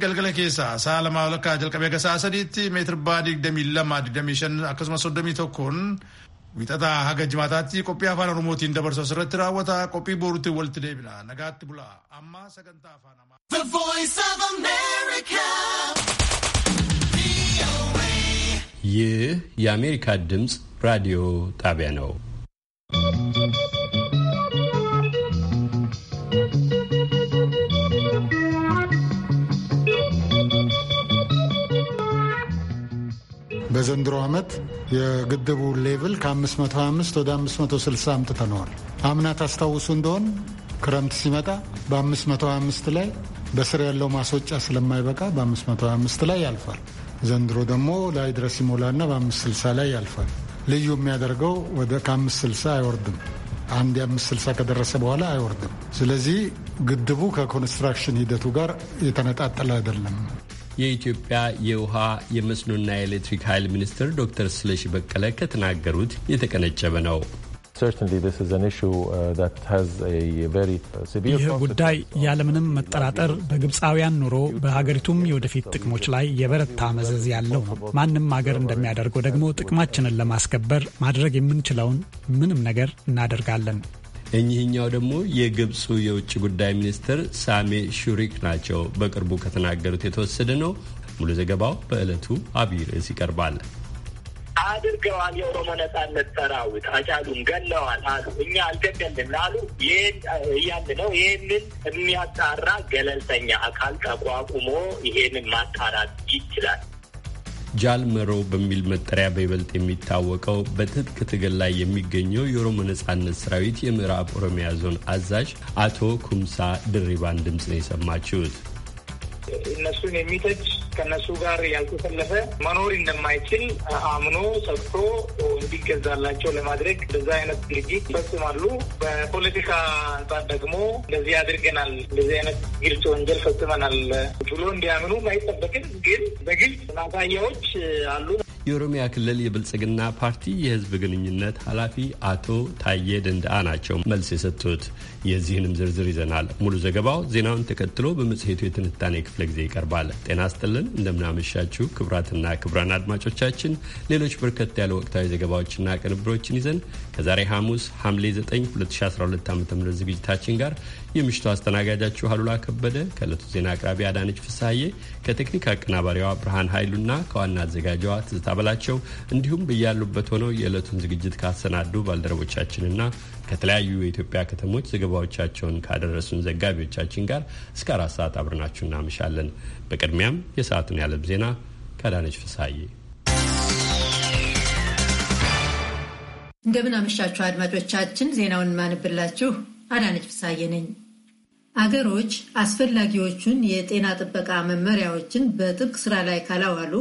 Galgala keessaa sa'a lamaa ol akka jalqabee akka sa'a sadiitti meetir baa 22-25 akkasumas tokkoon wixataa haga jimaataatti qophii afaan oromootiin dabarsus irratti raawwata qophii boorutti walitti deebina nagaatti bula amma sagantaa afaan amaa. ይህ የአሜሪካ ድምፅ ራዲዮ ጣቢያ ነው። በዘንድሮ ዓመት የግድቡ ሌቭል ከ525 ወደ 560 አምጥተነዋል። አምና ታስታውሱ እንደሆን ክረምት ሲመጣ በ525 ላይ በስር ያለው ማስወጫ ስለማይበቃ በ525 ላይ ያልፋል። ዘንድሮ ደግሞ ላይ ድረስ ይሞላና በ560 ላይ ያልፋል። ልዩ የሚያደርገው ወደ ከ560 አይወርድም። አንድ የ560 ከደረሰ በኋላ አይወርድም። ስለዚህ ግድቡ ከኮንስትራክሽን ሂደቱ ጋር የተነጣጠለ አይደለም። የኢትዮጵያ የውሃ የመስኖና የኤሌክትሪክ ኃይል ሚኒስትር ዶክተር ስለሺ በቀለ ከተናገሩት የተቀነጨበ ነው። uh, uh, ይህ ጉዳይ ያለምንም መጠራጠር በግብፃውያን ኑሮ በሀገሪቱም የወደፊት ጥቅሞች ላይ የበረታ መዘዝ ያለው ነው። ማንም ሀገር እንደሚያደርገው ደግሞ ጥቅማችንን ለማስከበር ማድረግ የምንችለውን ምንም ነገር እናደርጋለን። እኚህኛው ደግሞ የግብፁ የውጭ ጉዳይ ሚኒስትር ሳሜ ሹሪክ ናቸው። በቅርቡ ከተናገሩት የተወሰደ ነው። ሙሉ ዘገባው በዕለቱ አብይ ርዕስ ይቀርባል። አድርገዋል። የኦሮሞ ነጻነት ሰራዊት አጫሉን ገለዋል አሉ። እኛ አልገደልም ላሉ እያለ ነው። ይህንን የሚያጣራ ገለልተኛ አካል ተቋቁሞ ይሄንን ማጣራት ይችላል። ጃልመሮ በሚል መጠሪያ በይበልጥ የሚታወቀው በትጥቅ ትግል ላይ የሚገኘው የኦሮሞ ነጻነት ሰራዊት የምዕራብ ኦሮሚያ ዞን አዛዥ አቶ ኩምሳ ድሪባን ድምፅ ነው የሰማችሁት። እነሱን የሚተች ከነሱ ጋር ያልተሰለፈ መኖር እንደማይችል አምኖ ሰጥቶ እንዲገዛላቸው ለማድረግ በዛ አይነት ድርጊት ይፈጽማሉ። በፖለቲካ አንጻር ደግሞ እንደዚህ አድርገናል፣ እንደዚህ አይነት ግልጽ ወንጀል ፈጽመናል ብሎ እንዲያምኑ አይጠበቅም። ግን በግልጽ ማሳያዎች አሉ። የኦሮሚያ ክልል የብልጽግና ፓርቲ የህዝብ ግንኙነት ኃላፊ አቶ ታዬ ደንዳአ ናቸው መልስ የሰጡት። የዚህንም ዝርዝር ይዘናል። ሙሉ ዘገባው ዜናውን ተከትሎ በመጽሔቱ የትንታኔ ክፍለ ጊዜ ይቀርባል። ጤና ስጥልን፣ እንደምናመሻችሁ ክቡራትና ክቡራን አድማጮቻችን ሌሎች በርከት ያለ ወቅታዊ ዘገባዎችና ቅንብሮችን ይዘን ከዛሬ ሐሙስ ሐምሌ 9 2012 ዓ ም ዝግጅታችን ጋር የምሽቱ አስተናጋጃችሁ አሉላ ከበደ ከእለቱ ዜና አቅራቢ አዳነች ፍሳዬ ከቴክኒክ አቀናባሪዋ ብርሃን ኃይሉና ከዋና አዘጋጀዋ ትዝታ በላቸው እንዲሁም በያሉበት ሆነው የዕለቱን ዝግጅት ካሰናዱ ባልደረቦቻችንና ከተለያዩ የኢትዮጵያ ከተሞች ዘገባዎቻቸውን ካደረሱን ዘጋቢዎቻችን ጋር እስከ አራት ሰዓት አብረናችሁ እናመሻለን። በቅድሚያም የሰዓቱን ያለም ዜና ከአዳነች ፍሳዬ እንደምን አመሻችሁ አድማጮቻችን። ዜናውን ማንብላችሁ አዳነች ፍሳዬ ነኝ። አገሮች አስፈላጊዎቹን የጤና ጥበቃ መመሪያዎችን በጥብቅ ስራ ላይ ካላዋሉ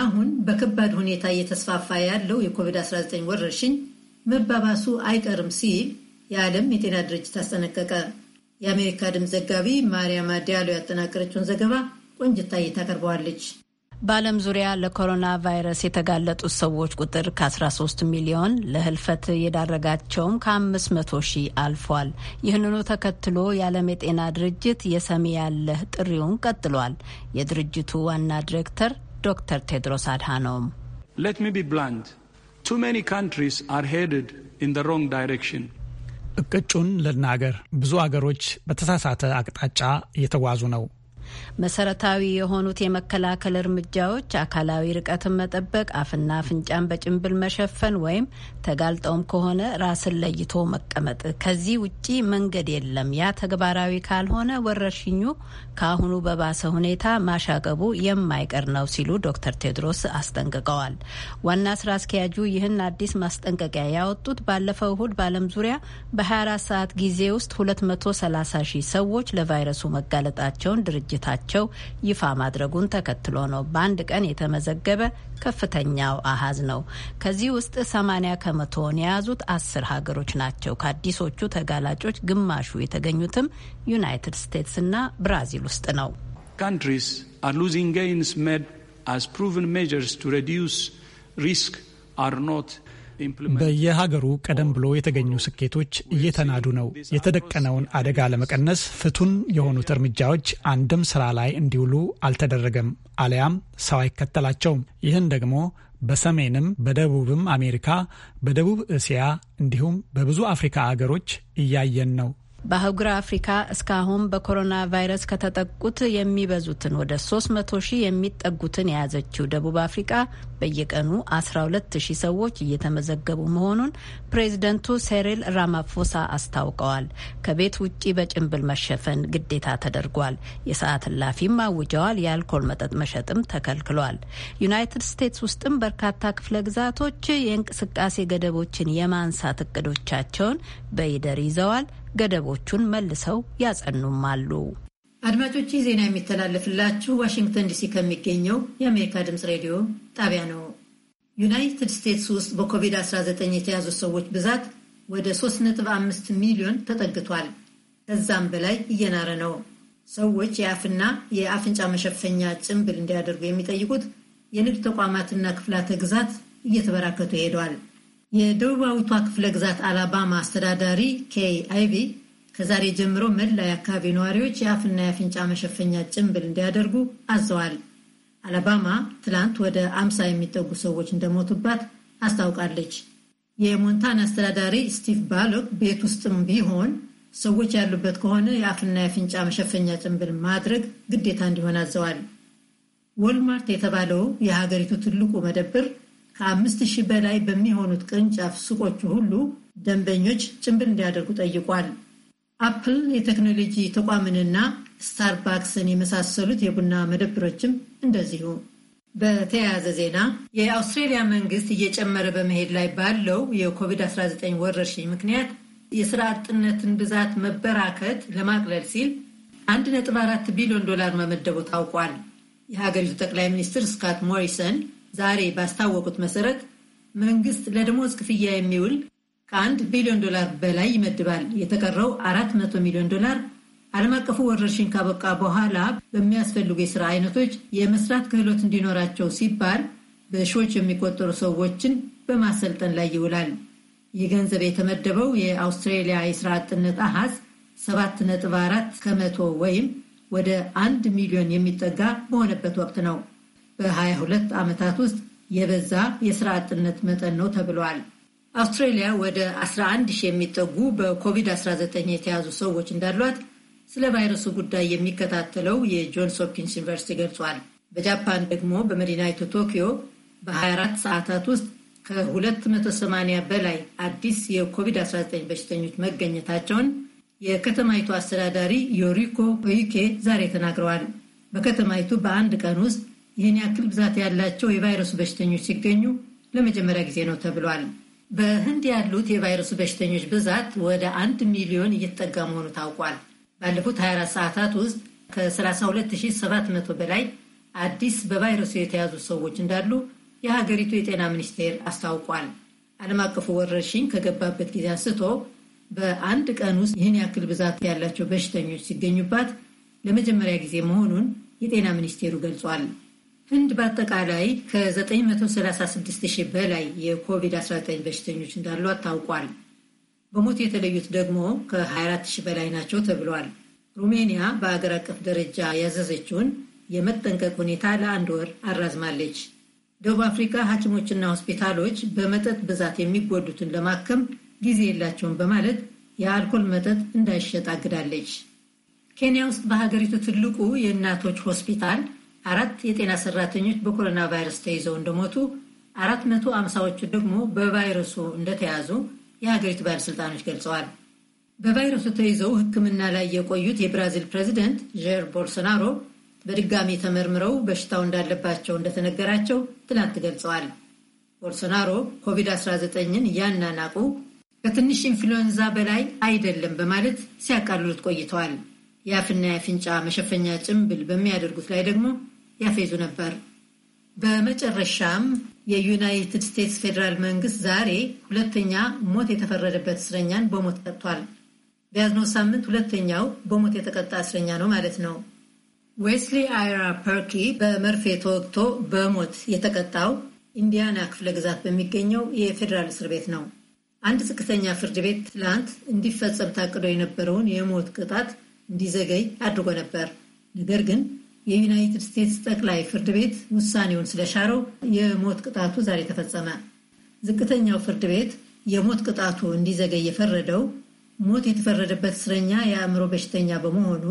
አሁን በከባድ ሁኔታ እየተስፋፋ ያለው የኮቪድ-19 ወረርሽኝ መባባሱ አይቀርም ሲል የዓለም የጤና ድርጅት አስጠነቀቀ። የአሜሪካ ድምፅ ዘጋቢ ማርያም ዲያሎ ያጠናቀረችውን ዘገባ ቆንጅታ ታቀርበዋለች። በዓለም ዙሪያ ለኮሮና ቫይረስ የተጋለጡት ሰዎች ቁጥር ከ13 ሚሊዮን ለህልፈት የዳረጋቸውም ከ500 ሺህ አልፏል። ይህንኑ ተከትሎ የዓለም የጤና ድርጅት የሰሚ ያለህ ጥሪውን ቀጥሏል። የድርጅቱ ዋና ዲሬክተር ዶክተር ቴድሮስ አድሃኖም ሌት ሚ ቢ ብላንት ቱ ሜኒ ካንትሪስ አር ሄድድ ኢን ዘ ሮንግ ዳይሬክሽን እቅጩን ልናገር፣ ብዙ አገሮች በተሳሳተ አቅጣጫ እየተጓዙ ነው። መሰረታዊ የሆኑት የመከላከል እርምጃዎች አካላዊ ርቀትን መጠበቅ፣ አፍና አፍንጫን በጭንብል መሸፈን ወይም ተጋልጠውም ከሆነ ራስን ለይቶ መቀመጥ። ከዚህ ውጪ መንገድ የለም። ያ ተግባራዊ ካልሆነ ወረርሽኙ ከአሁኑ በባሰ ሁኔታ ማሻቀቡ የማይቀር ነው ሲሉ ዶክተር ቴድሮስ አስጠንቅቀዋል። ዋና ስራ አስኪያጁ ይህን አዲስ ማስጠንቀቂያ ያወጡት ባለፈው እሁድ በዓለም ዙሪያ በ24 ሰዓት ጊዜ ውስጥ 230 ሺህ ሰዎች ለቫይረሱ መጋለጣቸውን ድርጅት ድርጅታቸው ይፋ ማድረጉን ተከትሎ ነው። በአንድ ቀን የተመዘገበ ከፍተኛው አሀዝ ነው። ከዚህ ውስጥ 80 ከመቶውን የያዙት አስር ሀገሮች ናቸው። ከአዲሶቹ ተጋላጮች ግማሹ የተገኙትም ዩናይትድ ስቴትስ እና ብራዚል ውስጥ ነው። ካንትሪስ አር ሉዚንግ ጌይንስ ሜድ አስ ፕሩቭን ሜጀርስ ቱ ሬዲዩስ ሪስክ አር ኖት በየሀገሩ ቀደም ብሎ የተገኙ ስኬቶች እየተናዱ ነው። የተደቀነውን አደጋ ለመቀነስ ፍቱን የሆኑት እርምጃዎች አንድም ስራ ላይ እንዲውሉ አልተደረገም፣ አሊያም ሰው አይከተላቸውም። ይህን ደግሞ በሰሜንም በደቡብም አሜሪካ፣ በደቡብ እስያ እንዲሁም በብዙ አፍሪካ አገሮች እያየን ነው። በአህጉረ አፍሪካ እስካሁን በኮሮና ቫይረስ ከተጠቁት የሚበዙትን ወደ 300 ሺህ የሚጠጉትን የያዘችው ደቡብ አፍሪካ በየቀኑ 12 ሺህ ሰዎች እየተመዘገቡ መሆኑን ፕሬዝደንቱ ሴሪል ራማፎሳ አስታውቀዋል። ከቤት ውጪ በጭንብል መሸፈን ግዴታ ተደርጓል። የሰዓት እላፊም አውጀዋል። የአልኮል መጠጥ መሸጥም ተከልክሏል። ዩናይትድ ስቴትስ ውስጥም በርካታ ክፍለ ግዛቶች የእንቅስቃሴ ገደቦችን የማንሳት እቅዶቻቸውን በይደር ይዘዋል። ገደቦቹን መልሰው ያጸኑም አሉ። አድማጮች ዜና የሚተላለፍላችሁ ዋሽንግተን ዲሲ ከሚገኘው የአሜሪካ ድምፅ ሬዲዮ ጣቢያ ነው። ዩናይትድ ስቴትስ ውስጥ በኮቪድ-19 የተያዙ ሰዎች ብዛት ወደ 3.5 ሚሊዮን ተጠግቷል። ከዛም በላይ እየናረ ነው። ሰዎች የአፍና የአፍንጫ መሸፈኛ ጭንብል እንዲያደርጉ የሚጠይቁት የንግድ ተቋማትና ክፍላተ ግዛት እየተበራከቱ ሄደዋል። የደቡባዊቷ ክፍለ ግዛት አላባማ አስተዳዳሪ ኬይ አይቪ ከዛሬ ጀምሮ መላ የአካባቢ ነዋሪዎች የአፍና የአፍንጫ መሸፈኛ ጭንብል እንዲያደርጉ አዘዋል። አላባማ ትላንት ወደ አምሳ የሚጠጉ ሰዎች እንደሞቱባት አስታውቃለች። የሞንታና አስተዳዳሪ ስቲቭ ባሎክ ቤት ውስጥም ቢሆን ሰዎች ያሉበት ከሆነ የአፍና የአፍንጫ መሸፈኛ ጭንብል ማድረግ ግዴታ እንዲሆን አዘዋል። ወልማርት የተባለው የሀገሪቱ ትልቁ መደብር ከአምስት ሺህ በላይ በሚሆኑት ቅርንጫፍ ሱቆቹ ሁሉ ደንበኞች ጭንብል እንዲያደርጉ ጠይቋል። አፕል የቴክኖሎጂ ተቋምንና ስታርባክስን የመሳሰሉት የቡና መደብሮችም እንደዚሁ። በተያያዘ ዜና የአውስትሬሊያ መንግስት እየጨመረ በመሄድ ላይ ባለው የኮቪድ-19 ወረርሽኝ ምክንያት የስራ አጥነትን ብዛት መበራከት ለማቅለል ሲል 1.4 ቢሊዮን ዶላር መመደቡ ታውቋል። የሀገሪቱ ጠቅላይ ሚኒስትር ስካት ሞሪሰን ዛሬ ባስታወቁት መሰረት መንግስት ለደሞዝ ክፍያ የሚውል ከአንድ ቢሊዮን ዶላር በላይ ይመድባል። የተቀረው አራት መቶ ሚሊዮን ዶላር ዓለም አቀፉ ወረርሽኝ ካበቃ በኋላ በሚያስፈልጉ የሥራ አይነቶች የመስራት ክህሎት እንዲኖራቸው ሲባል በሺዎች የሚቆጠሩ ሰዎችን በማሰልጠን ላይ ይውላል። ይህ ገንዘብ የተመደበው የአውስትሬሊያ የሥራ አጥነት አሃዝ 7.4 ከመቶ ወይም ወደ አንድ ሚሊዮን የሚጠጋ በሆነበት ወቅት ነው። በ22 ዓመታት ውስጥ የበዛ የስራ አጥነት መጠን ነው ተብሏል። አውስትሬሊያ ወደ 11 ሺህ የሚጠጉ በኮቪድ-19 የተያዙ ሰዎች እንዳሏት ስለ ቫይረሱ ጉዳይ የሚከታተለው የጆንስ ሆፕኪንስ ዩኒቨርሲቲ ገልጿል። በጃፓን ደግሞ በመዲናይቱ ቶኪዮ በ24 ሰዓታት ውስጥ ከ280 በላይ አዲስ የኮቪድ-19 በሽተኞች መገኘታቸውን የከተማይቱ አስተዳዳሪ ዮሪኮ ዩኬ ዛሬ ተናግረዋል። በከተማይቱ በአንድ ቀን ውስጥ ይህን ያክል ብዛት ያላቸው የቫይረሱ በሽተኞች ሲገኙ ለመጀመሪያ ጊዜ ነው ተብሏል። በህንድ ያሉት የቫይረሱ በሽተኞች ብዛት ወደ አንድ ሚሊዮን እየተጠጋ መሆኑ ታውቋል። ባለፉት 24 ሰዓታት ውስጥ ከ32700 በላይ አዲስ በቫይረሱ የተያዙ ሰዎች እንዳሉ የሀገሪቱ የጤና ሚኒስቴር አስታውቋል። ዓለም አቀፉ ወረርሽኝ ከገባበት ጊዜ አንስቶ በአንድ ቀን ውስጥ ይህን ያክል ብዛት ያላቸው በሽተኞች ሲገኙባት ለመጀመሪያ ጊዜ መሆኑን የጤና ሚኒስቴሩ ገልጿል። ህንድ በአጠቃላይ ከ936 ሺህ በላይ የኮቪድ-19 በሽተኞች እንዳሉ ታውቋል። በሞት የተለዩት ደግሞ ከ24 ሺህ በላይ ናቸው ተብሏል። ሩሜኒያ በአገር አቀፍ ደረጃ ያዘዘችውን የመጠንቀቅ ሁኔታ ለአንድ ወር አራዝማለች። ደቡብ አፍሪካ ሐኪሞችና ሆስፒታሎች በመጠጥ ብዛት የሚጎዱትን ለማከም ጊዜ የላቸውም በማለት የአልኮል መጠጥ እንዳይሸጥ አግዳለች። ኬንያ ውስጥ በሀገሪቱ ትልቁ የእናቶች ሆስፒታል አራት የጤና ሰራተኞች በኮሮና ቫይረስ ተይዘው እንደሞቱ፣ አራት መቶ አምሳዎቹ ደግሞ በቫይረሱ እንደተያዙ የሀገሪቱ ባለሥልጣኖች ገልጸዋል። በቫይረሱ ተይዘው ሕክምና ላይ የቆዩት የብራዚል ፕሬዚደንት ዣር ቦልሶናሮ በድጋሚ ተመርምረው በሽታው እንዳለባቸው እንደተነገራቸው ትናንት ገልጸዋል። ቦልሶናሮ ኮቪድ-19ን እያናናቁ ከትንሽ ኢንፍሉዌንዛ በላይ አይደለም በማለት ሲያቃልሉት ቆይተዋል። የአፍና የአፍንጫ መሸፈኛ ጭንብል በሚያደርጉት ላይ ደግሞ ያፌዙ ነበር። በመጨረሻም የዩናይትድ ስቴትስ ፌዴራል መንግስት ዛሬ ሁለተኛ ሞት የተፈረደበት እስረኛን በሞት ቀጥቷል። በያዝነው ሳምንት ሁለተኛው በሞት የተቀጣ እስረኛ ነው ማለት ነው። ዌስሊ አይራ ፐርኪ በመርፌ ተወግቶ በሞት የተቀጣው ኢንዲያና ክፍለ ግዛት በሚገኘው የፌዴራል እስር ቤት ነው። አንድ ዝቅተኛ ፍርድ ቤት ትላንት እንዲፈጸም ታቅዶ የነበረውን የሞት ቅጣት እንዲዘገይ አድርጎ ነበር። ነገር ግን የዩናይትድ ስቴትስ ጠቅላይ ፍርድ ቤት ውሳኔውን ስለሻረው የሞት ቅጣቱ ዛሬ ተፈጸመ። ዝቅተኛው ፍርድ ቤት የሞት ቅጣቱ እንዲዘገይ የፈረደው ሞት የተፈረደበት እስረኛ የአእምሮ በሽተኛ በመሆኑ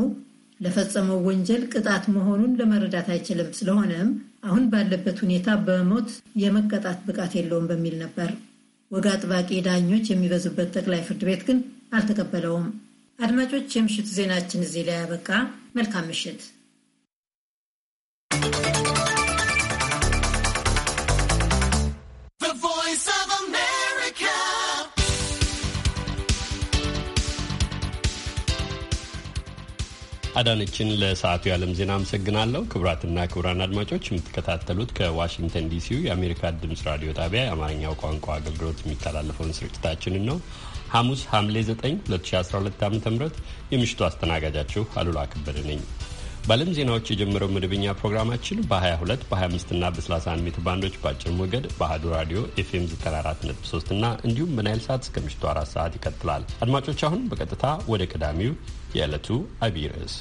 ለፈጸመው ወንጀል ቅጣት መሆኑን ለመረዳት አይችልም፣ ስለሆነም አሁን ባለበት ሁኔታ በሞት የመቀጣት ብቃት የለውም በሚል ነበር። ወግ አጥባቂ ዳኞች የሚበዙበት ጠቅላይ ፍርድ ቤት ግን አልተቀበለውም። አድማጮች፣ የምሽቱ ዜናችን እዚህ ላይ ያበቃ። መልካም ምሽት። አዳነችን ለሰዓቱ የዓለም ዜና አመሰግናለሁ። ክቡራትና ክቡራን አድማጮች የምትከታተሉት ከዋሽንግተን ዲሲው የአሜሪካ ድምፅ ራዲዮ ጣቢያ የአማርኛው ቋንቋ አገልግሎት የሚተላለፈውን ስርጭታችንን ነው። ሐሙስ ሐምሌ 9 2012 ዓ ም የምሽቱ አስተናጋጃችሁ አሉላ ከበደ ነኝ። በዓለም ዜናዎች የጀመረው መደበኛ ፕሮግራማችን በ22 በ25 እና በ31 ሜትር ባንዶች በአጭር ሞገድ በአህዱ ራዲዮ ኤፍኤም 94.3 እና እንዲሁም በናይል ሰዓት እስከ ምሽቱ አራት ሰዓት ይቀጥላል። አድማጮች አሁን በቀጥታ ወደ ቀዳሚው የዕለቱ አብይ ርዕስ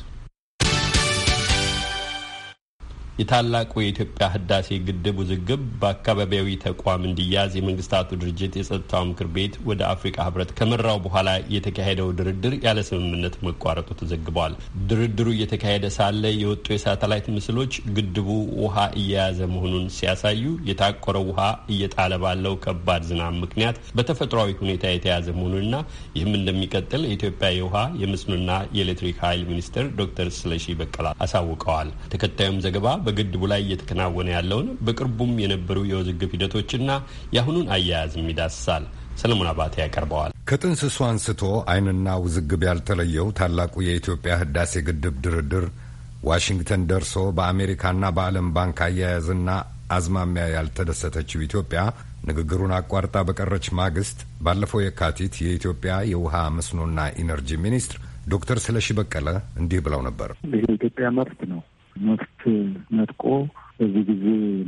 የታላቁ የኢትዮጵያ ህዳሴ ግድብ ውዝግብ በአካባቢያዊ ተቋም እንዲያዝ የመንግስታቱ ድርጅት የጸጥታው ምክር ቤት ወደ አፍሪካ ህብረት ከመራው በኋላ የተካሄደው ድርድር ያለ ስምምነት መቋረጡ ተዘግቧል። ድርድሩ እየተካሄደ ሳለ የወጡ የሳተላይት ምስሎች ግድቡ ውሃ እየያዘ መሆኑን ሲያሳዩ፣ የታቆረው ውሃ እየጣለ ባለው ከባድ ዝናብ ምክንያት በተፈጥሯዊ ሁኔታ የተያዘ መሆኑንና ይህም እንደሚቀጥል የኢትዮጵያ የውሃ የመስኖና የኤሌክትሪክ ኃይል ሚኒስትር ዶክተር ስለሺ በቀላ አሳውቀዋል። ተከታዩም ዘገባ በግድቡ ላይ እየተከናወነ ያለውን በቅርቡም የነበሩ የውዝግብ ሂደቶችና የአሁኑን አያያዝም ይዳስሳል። ሰለሞን አባቴ ያቀርበዋል። ከጥንስሱ አንስቶ አይንና ውዝግብ ያልተለየው ታላቁ የኢትዮጵያ ህዳሴ ግድብ ድርድር ዋሽንግተን ደርሶ በአሜሪካና በዓለም ባንክ አያያዝና አዝማሚያ ያልተደሰተችው ኢትዮጵያ ንግግሩን አቋርጣ በቀረች ማግስት ባለፈው የካቲት የኢትዮጵያ የውሃ መስኖና ኢነርጂ ሚኒስትር ዶክተር ስለሺ በቀለ እንዲህ ብለው ነበር። ይህ ኢትዮጵያ መብት ነው መፍት ነጥቆ በዚህ ጊዜ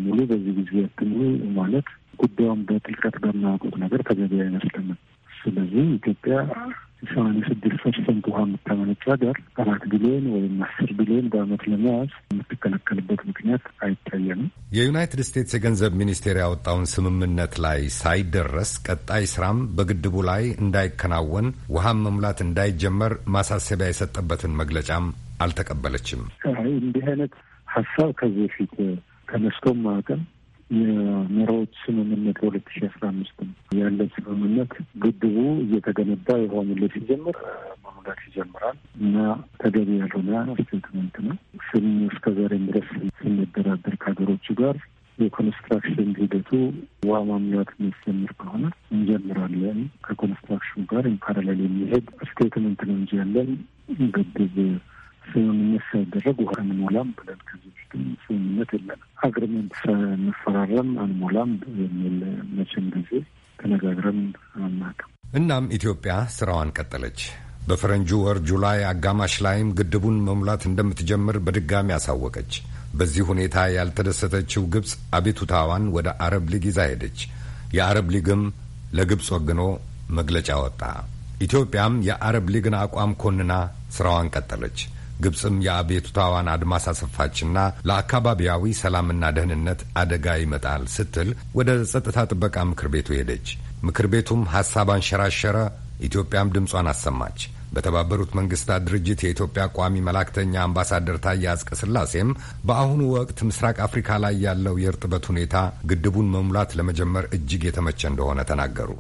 ሙሉ በዚህ ጊዜ አትሙሉ ማለት ጉዳዩን በጥልቀት በማያውቁት ነገር ተገቢ አይመስልንም። ስለዚህ ኢትዮጵያ ሰማንያ ስድስት ፐርሰንት ውሃ የምታመነጭ ሀገር አራት ቢሊዮን ወይም አስር ቢሊዮን በአመት ለመያዝ የምትከለከልበት ምክንያት አይታየንም። የዩናይትድ ስቴትስ የገንዘብ ሚኒስቴር ያወጣውን ስምምነት ላይ ሳይደረስ ቀጣይ ስራም በግድቡ ላይ እንዳይከናወን ውሃም መሙላት እንዳይጀመር ማሳሰቢያ የሰጠበትን መግለጫም አልተቀበለችም። እንዲህ አይነት ሀሳብ ከዚህ በፊት ተነስቶም ማቀም የመራዎች ስምምነት በሁለት ሺ አስራ አምስት ያለ ስምምነት ግድቡ እየተገነባ የውሃ ሙሌት ሲጀምር መሙላት ይጀምራል እና ተገቢ ያልሆነ ስቴትመንት ነው። ስም እስከ ዛሬም ድረስ ስንደራደር ከሀገሮቹ ጋር የኮንስትራክሽን ሂደቱ ውሃ ማሙላት የሚያስጀምር ከሆነ እንጀምራለን ከኮንስትራክሽን ጋር ኢን ፓራሌል የሚሄድ ስቴትመንት ነው እንጂ ያለን ግድብ ስምምነት ሳይደረግ ውሃ አንሞላም ብለን ከዚህ በፊትም ስምምነት የለንም። አግሪመንት ሳንፈራረም አንሞላም የሚል መቼም ጊዜ ተነጋግረን አናውቅም። እናም ኢትዮጵያ ስራዋን ቀጠለች። በፈረንጁ ወር ጁላይ አጋማሽ ላይም ግድቡን መሙላት እንደምትጀምር በድጋሚ አሳወቀች። በዚህ ሁኔታ ያልተደሰተችው ግብፅ አቤቱታዋን ወደ አረብ ሊግ ይዛ ሄደች። የአረብ ሊግም ለግብፅ ወግኖ መግለጫ ወጣ። ኢትዮጵያም የአረብ ሊግን አቋም ኮንና ስራዋን ቀጠለች። ግብፅም የአቤቱታዋን አድማስ አሰፋችና ለአካባቢያዊ ሰላምና ደህንነት አደጋ ይመጣል ስትል ወደ ጸጥታ ጥበቃ ምክር ቤቱ ሄደች። ምክር ቤቱም ሀሳብ አንሸራሸረ። ኢትዮጵያም ድምጿን አሰማች። በተባበሩት መንግስታት ድርጅት የኢትዮጵያ ቋሚ መላክተኛ አምባሳደር ታዬ አጽቀ ሥላሴም በአሁኑ ወቅት ምስራቅ አፍሪካ ላይ ያለው የእርጥበት ሁኔታ ግድቡን መሙላት ለመጀመር እጅግ የተመቸ እንደሆነ ተናገሩ።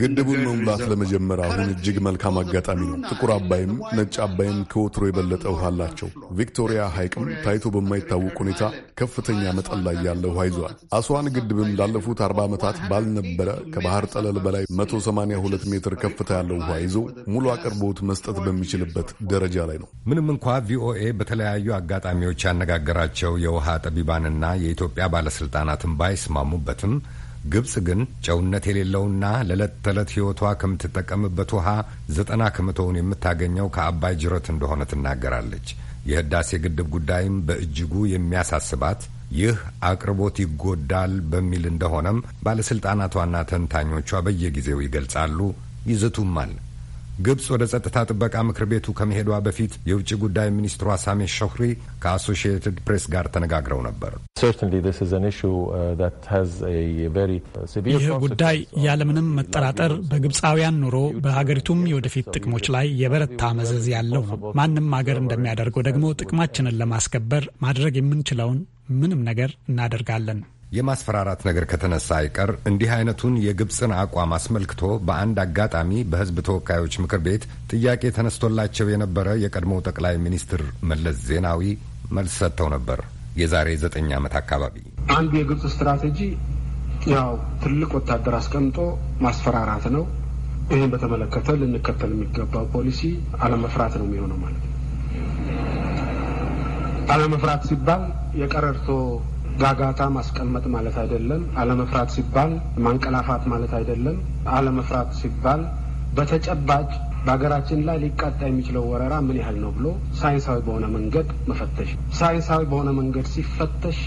ግድቡን መሙላት ለመጀመር አሁን እጅግ መልካም አጋጣሚ ነው። ጥቁር አባይም ነጭ አባይም ከወትሮ የበለጠ ውሃ አላቸው። ቪክቶሪያ ሐይቅም ታይቶ በማይታወቅ ሁኔታ ከፍተኛ መጠን ላይ ያለ ውሃ ይዟል። አስዋን ግድብም ላለፉት 40 ዓመታት ባልነበረ ከባህር ጠለል በላይ 182 ሜትር ከፍታ ያለው ውሃ ይዞ ሙሉ አቅርቦት መስጠት በሚችልበት ደረጃ ላይ ነው። ምንም እንኳ ቪኦኤ በተለያዩ አጋጣሚዎች ያነጋገራቸው የውሃ ጠቢባንና የኢትዮጵያ ባለስልጣናትን ባይስማሙበትም ግብፅ ግን ጨውነት የሌለውና ለዕለት ተዕለት ሕይወቷ ከምትጠቀምበት ውሃ ዘጠና ከመቶውን የምታገኘው ከአባይ ጅረት እንደሆነ ትናገራለች። የህዳሴ ግድብ ጉዳይም በእጅጉ የሚያሳስባት ይህ አቅርቦት ይጎዳል በሚል እንደሆነም ባለሥልጣናቷና ተንታኞቿ በየጊዜው ይገልጻሉ ይዝቱማል። ግብጽ ወደ ጸጥታ ጥበቃ ምክር ቤቱ ከመሄዷ በፊት የውጭ ጉዳይ ሚኒስትሯ ሳሜ ሾክሪ ከአሶሺየትድ ፕሬስ ጋር ተነጋግረው ነበር። uh, uh, ይህ ጉዳይ ያለምንም መጠራጠር በግብፃውያን ኑሮ፣ በሀገሪቱም የወደፊት ጥቅሞች ላይ የበረታ መዘዝ ያለው ነው። ማንም ሀገር እንደሚያደርገው ደግሞ ጥቅማችንን ለማስከበር ማድረግ የምንችለውን ምንም ነገር እናደርጋለን። የማስፈራራት ነገር ከተነሳ አይቀር እንዲህ አይነቱን የግብፅን አቋም አስመልክቶ በአንድ አጋጣሚ በሕዝብ ተወካዮች ምክር ቤት ጥያቄ ተነስቶላቸው የነበረ የቀድሞው ጠቅላይ ሚኒስትር መለስ ዜናዊ መልስ ሰጥተው ነበር። የዛሬ ዘጠኝ ዓመት አካባቢ አንዱ የግብፅ ስትራቴጂ ያው ትልቅ ወታደር አስቀምጦ ማስፈራራት ነው። ይህን በተመለከተ ልንከተል የሚገባው ፖሊሲ አለመፍራት ነው የሚሆነው ማለት ነው። አለመፍራት ሲባል የቀረርቶ ጋጋታ ማስቀመጥ ማለት አይደለም። አለመፍራት ሲባል ማንቀላፋት ማለት አይደለም። አለመፍራት ሲባል በተጨባጭ በሀገራችን ላይ ሊቃጣ የሚችለው ወረራ ምን ያህል ነው ብሎ ሳይንሳዊ በሆነ መንገድ መፈተሽ። ሳይንሳዊ በሆነ መንገድ ሲፈተሽ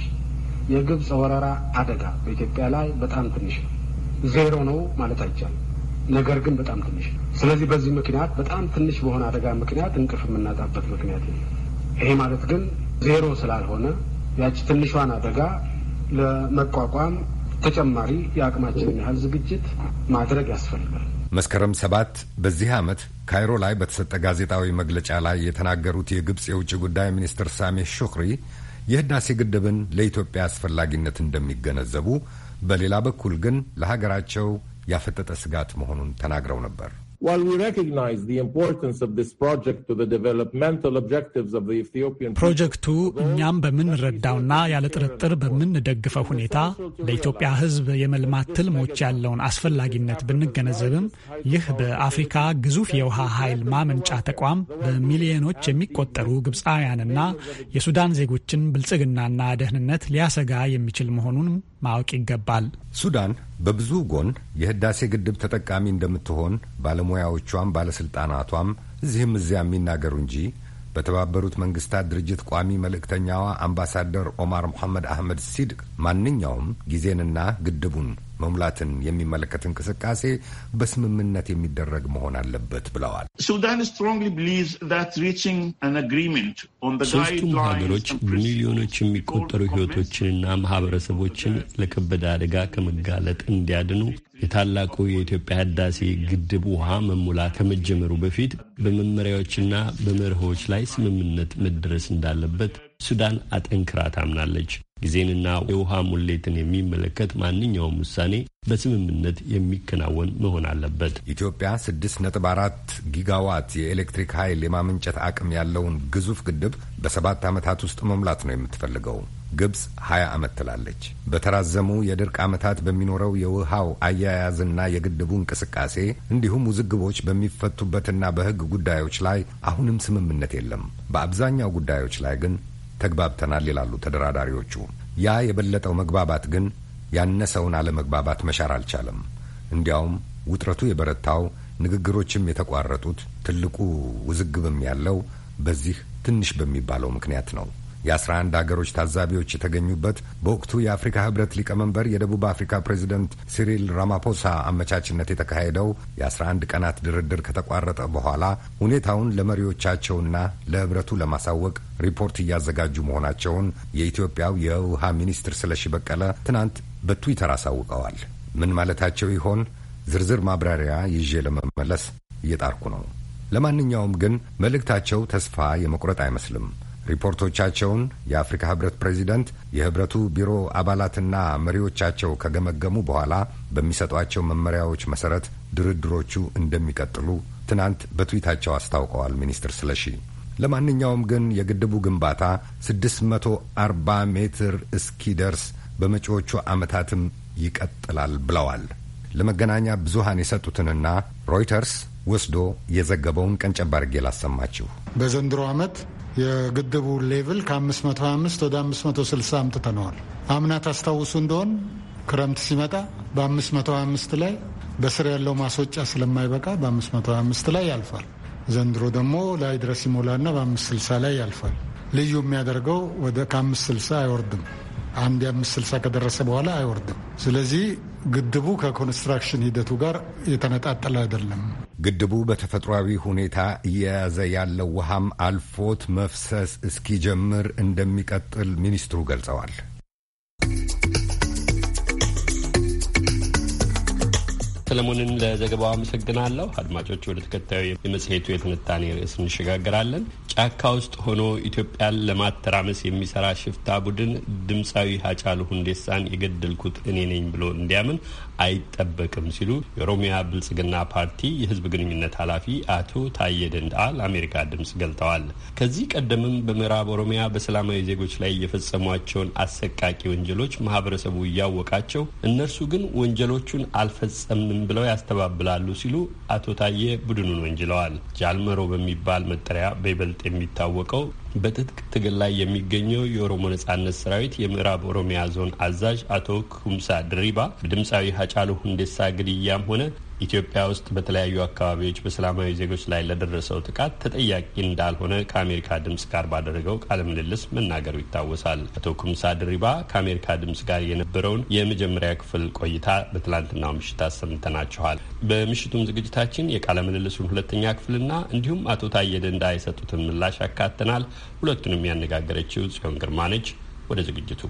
የግብፅ ወረራ አደጋ በኢትዮጵያ ላይ በጣም ትንሽ ነው። ዜሮ ነው ማለት አይቻልም። ነገር ግን በጣም ትንሽ ነው። ስለዚህ በዚህ ምክንያት በጣም ትንሽ በሆነ አደጋ ምክንያት እንቅልፍ የምናጣበት ምክንያት ይሄ ማለት ግን ዜሮ ስላልሆነ ያቺ ትንሿን አደጋ ለመቋቋም ተጨማሪ የአቅማችንን ያህል ዝግጅት ማድረግ ያስፈልጋል። መስከረም ሰባት በዚህ ዓመት ካይሮ ላይ በተሰጠ ጋዜጣዊ መግለጫ ላይ የተናገሩት የግብፅ የውጭ ጉዳይ ሚኒስትር ሳሜ ሹክሪ የህዳሴ ግድብን ለኢትዮጵያ አስፈላጊነት እንደሚገነዘቡ፣ በሌላ በኩል ግን ለሀገራቸው ያፈጠጠ ስጋት መሆኑን ተናግረው ነበር። ፕሮጀክቱ እኛም በምንረዳውና ያለ ጥርጥር በምንደግፈው ሁኔታ ለኢትዮጵያ ሕዝብ የመልማት ትልሞች ያለውን አስፈላጊነት ብንገነዘብም ይህ በአፍሪካ ግዙፍ የውሃ ኃይል ማመንጫ ተቋም በሚሊዮኖች የሚቆጠሩ ግብፃውያንና የሱዳን ዜጎችን ብልጽግናና ደህንነት ሊያሰጋ የሚችል መሆኑን። ማወቅ ይገባል። ሱዳን በብዙ ጎን የህዳሴ ግድብ ተጠቃሚ እንደምትሆን ባለሙያዎቿም ባለሥልጣናቷም እዚህም እዚያ የሚናገሩ እንጂ በተባበሩት መንግስታት ድርጅት ቋሚ መልእክተኛዋ አምባሳደር ኦማር ሙሐመድ አህመድ ሲድቅ ማንኛውም ጊዜንና ግድቡን መሙላትን የሚመለከት እንቅስቃሴ በስምምነት የሚደረግ መሆን አለበት ብለዋል። ሶስቱም ሀገሮች በሚሊዮኖች የሚቆጠሩ ሕይወቶችንና ማህበረሰቦችን ለከበደ አደጋ ከመጋለጥ እንዲያድኑ የታላቁ የኢትዮጵያ ህዳሴ ግድብ ውሃ መሙላት ከመጀመሩ በፊት በመመሪያዎችና በመርሆች ላይ ስምምነት መድረስ እንዳለበት ሱዳን አጠንክራ ታምናለች። ጊዜንና የውሃ ሙሌትን የሚመለከት ማንኛውም ውሳኔ በስምምነት የሚከናወን መሆን አለበት። ኢትዮጵያ 6.4 ጊጋዋት የኤሌክትሪክ ኃይል የማመንጨት አቅም ያለውን ግዙፍ ግድብ በሰባት ዓመታት ውስጥ መሙላት ነው የምትፈልገው። ግብፅ 20 ዓመት ትላለች። በተራዘሙ የድርቅ ዓመታት በሚኖረው የውሃው አያያዝና የግድቡ እንቅስቃሴ እንዲሁም ውዝግቦች በሚፈቱበትና በሕግ ጉዳዮች ላይ አሁንም ስምምነት የለም። በአብዛኛው ጉዳዮች ላይ ግን ተግባብተናል ይላሉ ተደራዳሪዎቹ። ያ የበለጠው መግባባት ግን ያነሰውን አለመግባባት መሻር አልቻለም። እንዲያውም ውጥረቱ የበረታው ንግግሮችም የተቋረጡት ትልቁ ውዝግብም ያለው በዚህ ትንሽ በሚባለው ምክንያት ነው። የ11 አገሮች ታዛቢዎች የተገኙበት በወቅቱ የአፍሪካ ህብረት ሊቀመንበር የደቡብ አፍሪካ ፕሬዚደንት ሲሪል ራማፖሳ አመቻችነት የተካሄደው የ11 ቀናት ድርድር ከተቋረጠ በኋላ ሁኔታውን ለመሪዎቻቸውና ለህብረቱ ለማሳወቅ ሪፖርት እያዘጋጁ መሆናቸውን የኢትዮጵያው የውሃ ሚኒስትር ስለሺ በቀለ ትናንት በትዊተር አሳውቀዋል። ምን ማለታቸው ይሆን? ዝርዝር ማብራሪያ ይዤ ለመመለስ እየጣርኩ ነው። ለማንኛውም ግን መልእክታቸው ተስፋ የመቁረጥ አይመስልም። ሪፖርቶቻቸውን የአፍሪካ ህብረት ፕሬዚደንት የህብረቱ ቢሮ አባላትና መሪዎቻቸው ከገመገሙ በኋላ በሚሰጧቸው መመሪያዎች መሰረት ድርድሮቹ እንደሚቀጥሉ ትናንት በትዊታቸው አስታውቀዋል ሚኒስትር ስለሺ። ለማንኛውም ግን የግድቡ ግንባታ 640 ሜትር እስኪደርስ በመጪዎቹ ዓመታትም ይቀጥላል ብለዋል። ለመገናኛ ብዙሃን የሰጡትንና ሮይተርስ ወስዶ የዘገበውን ቀንጨባርጌ ላሰማችሁ። በዘንድሮ ዓመት የግድቡ ሌቭል ከ525 ወደ 560 አምጥተነዋል። አምና ታስታውሱ እንደሆን ክረምት ሲመጣ በ525 ላይ በስር ያለው ማስወጫ ስለማይበቃ በ525 ላይ ያልፋል። ዘንድሮ ደግሞ ላይ ድረስ ይሞላና በ560 ላይ ያልፋል። ልዩ የሚያደርገው ወደ ከ560 አይወርድም። አንድ የ560 ከደረሰ በኋላ አይወርድም። ስለዚህ ግድቡ ከኮንስትራክሽን ሂደቱ ጋር የተነጣጠለ አይደለም። ግድቡ በተፈጥሯዊ ሁኔታ እየያዘ ያለው ውሃም አልፎት መፍሰስ እስኪጀምር እንደሚቀጥል ሚኒስትሩ ገልጸዋል። ሰለሞንን ለዘገባው አመሰግናለሁ። አድማጮች ወደ ተከታዩ የመጽሔቱ የትንታኔ ርዕስ እንሸጋገራለን። ጫካ ውስጥ ሆኖ ኢትዮጵያን ለማተራመስ የሚሰራ ሽፍታ ቡድን ድምፃዊ ሀጫሉ ሁንዴሳን የገደልኩት እኔ ነኝ ብሎ እንዲያምን አይጠበቅም ሲሉ የኦሮሚያ ብልጽግና ፓርቲ የህዝብ ግንኙነት ኃላፊ አቶ ታዬ ደንደአ ለአሜሪካ ድምፅ ገልጠዋል። ከዚህ ቀደምም በምዕራብ ኦሮሚያ በሰላማዊ ዜጎች ላይ የፈጸሟቸውን አሰቃቂ ወንጀሎች ማህበረሰቡ እያወቃቸው፣ እነርሱ ግን ወንጀሎቹን አልፈጸምንም ብለው ያስተባብላሉ ሲሉ አቶ ታዬ ቡድኑን ወንጅለዋል። ጃልመሮ በሚባል መጠሪያ በይበልጥ የሚታወቀው በትጥቅ ትግል ላይ የሚገኘው የኦሮሞ ነጻነት ሰራዊት የምዕራብ ኦሮሚያ ዞን አዛዥ አቶ ኩምሳ ድሪባ በድምፃዊ ሀጫሉ ሁንዴሳ ግድያም ሆነ ኢትዮጵያ ውስጥ በተለያዩ አካባቢዎች በሰላማዊ ዜጎች ላይ ለደረሰው ጥቃት ተጠያቂ እንዳልሆነ ከአሜሪካ ድምጽ ጋር ባደረገው ቃለ ምልልስ መናገሩ ይታወሳል። አቶ ኩምሳ ድሪባ ከአሜሪካ ድምጽ ጋር የነበረውን የመጀመሪያ ክፍል ቆይታ በትላንትናው ምሽት አሰምተናችኋል። በምሽቱም ዝግጅታችን የቃለ ምልልሱን ሁለተኛ ክፍልና እንዲሁም አቶ ታየ ደንዳ የሰጡትን ምላሽ ያካተናል። ሁለቱንም ያነጋገረችው ጽዮን ግርማ ነች። ወደ ዝግጅቱ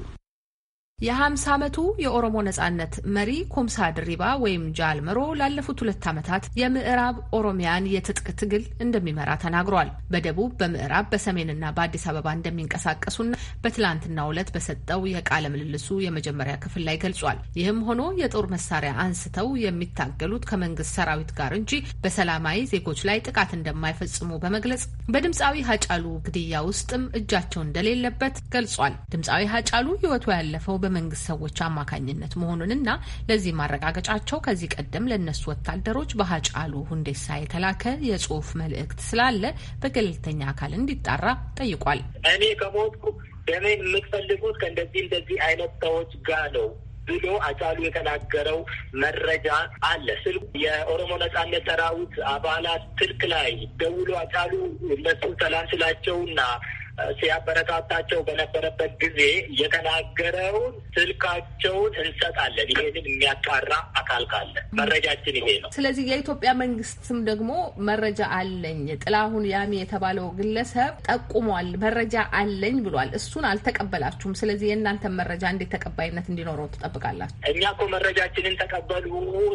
የ50 ዓመቱ የኦሮሞ ነጻነት መሪ ኩምሳ ድሪባ ወይም ጃል መሮ ላለፉት ሁለት ዓመታት የምዕራብ ኦሮሚያን የትጥቅ ትግል እንደሚመራ ተናግሯል። በደቡብ በምዕራብ በሰሜንና በአዲስ አበባ እንደሚንቀሳቀሱና በትላንትናው ዕለት በሰጠው የቃለ ምልልሱ የመጀመሪያ ክፍል ላይ ገልጿል። ይህም ሆኖ የጦር መሳሪያ አንስተው የሚታገሉት ከመንግስት ሰራዊት ጋር እንጂ በሰላማዊ ዜጎች ላይ ጥቃት እንደማይፈጽሙ በመግለጽ በድምፃዊ ሀጫሉ ግድያ ውስጥም እጃቸው እንደሌለበት ገልጿል። ድምፃዊ ሀጫሉ ህይወቱ ያለፈው በመንግስት ሰዎች አማካኝነት መሆኑንና ለዚህ ማረጋገጫቸው ከዚህ ቀደም ለእነሱ ወታደሮች በሀጫሉ ሁንዴሳ የተላከ የጽሁፍ መልእክት ስላለ በገለልተኛ አካል እንዲጣራ ጠይቋል። እኔ ከሞትኩ ደሜን የምትፈልጉት ከእንደዚህ እንደዚህ አይነት ሰዎች ጋር ነው ብሎ አጫሉ የተናገረው መረጃ አለ። ስልኩ የኦሮሞ ነጻነት ሰራዊት አባላት ስልክ ላይ ደውሎ አጫሉ እነሱ ሰላም ስላቸውና ሲያበረታታቸው በነበረበት ጊዜ የተናገረውን ስልካቸውን እንሰጣለን። ይሄንን የሚያጣራ አካል ካለ መረጃችን ይሄ ነው። ስለዚህ የኢትዮጵያ መንግስትም ደግሞ መረጃ አለኝ፣ ጥላሁን ያሚ የተባለው ግለሰብ ጠቁሟል፣ መረጃ አለኝ ብሏል። እሱን አልተቀበላችሁም። ስለዚህ የእናንተን መረጃ እንዴት ተቀባይነት እንዲኖረው ትጠብቃላችሁ? እኛ እኮ መረጃችንን ተቀበሉ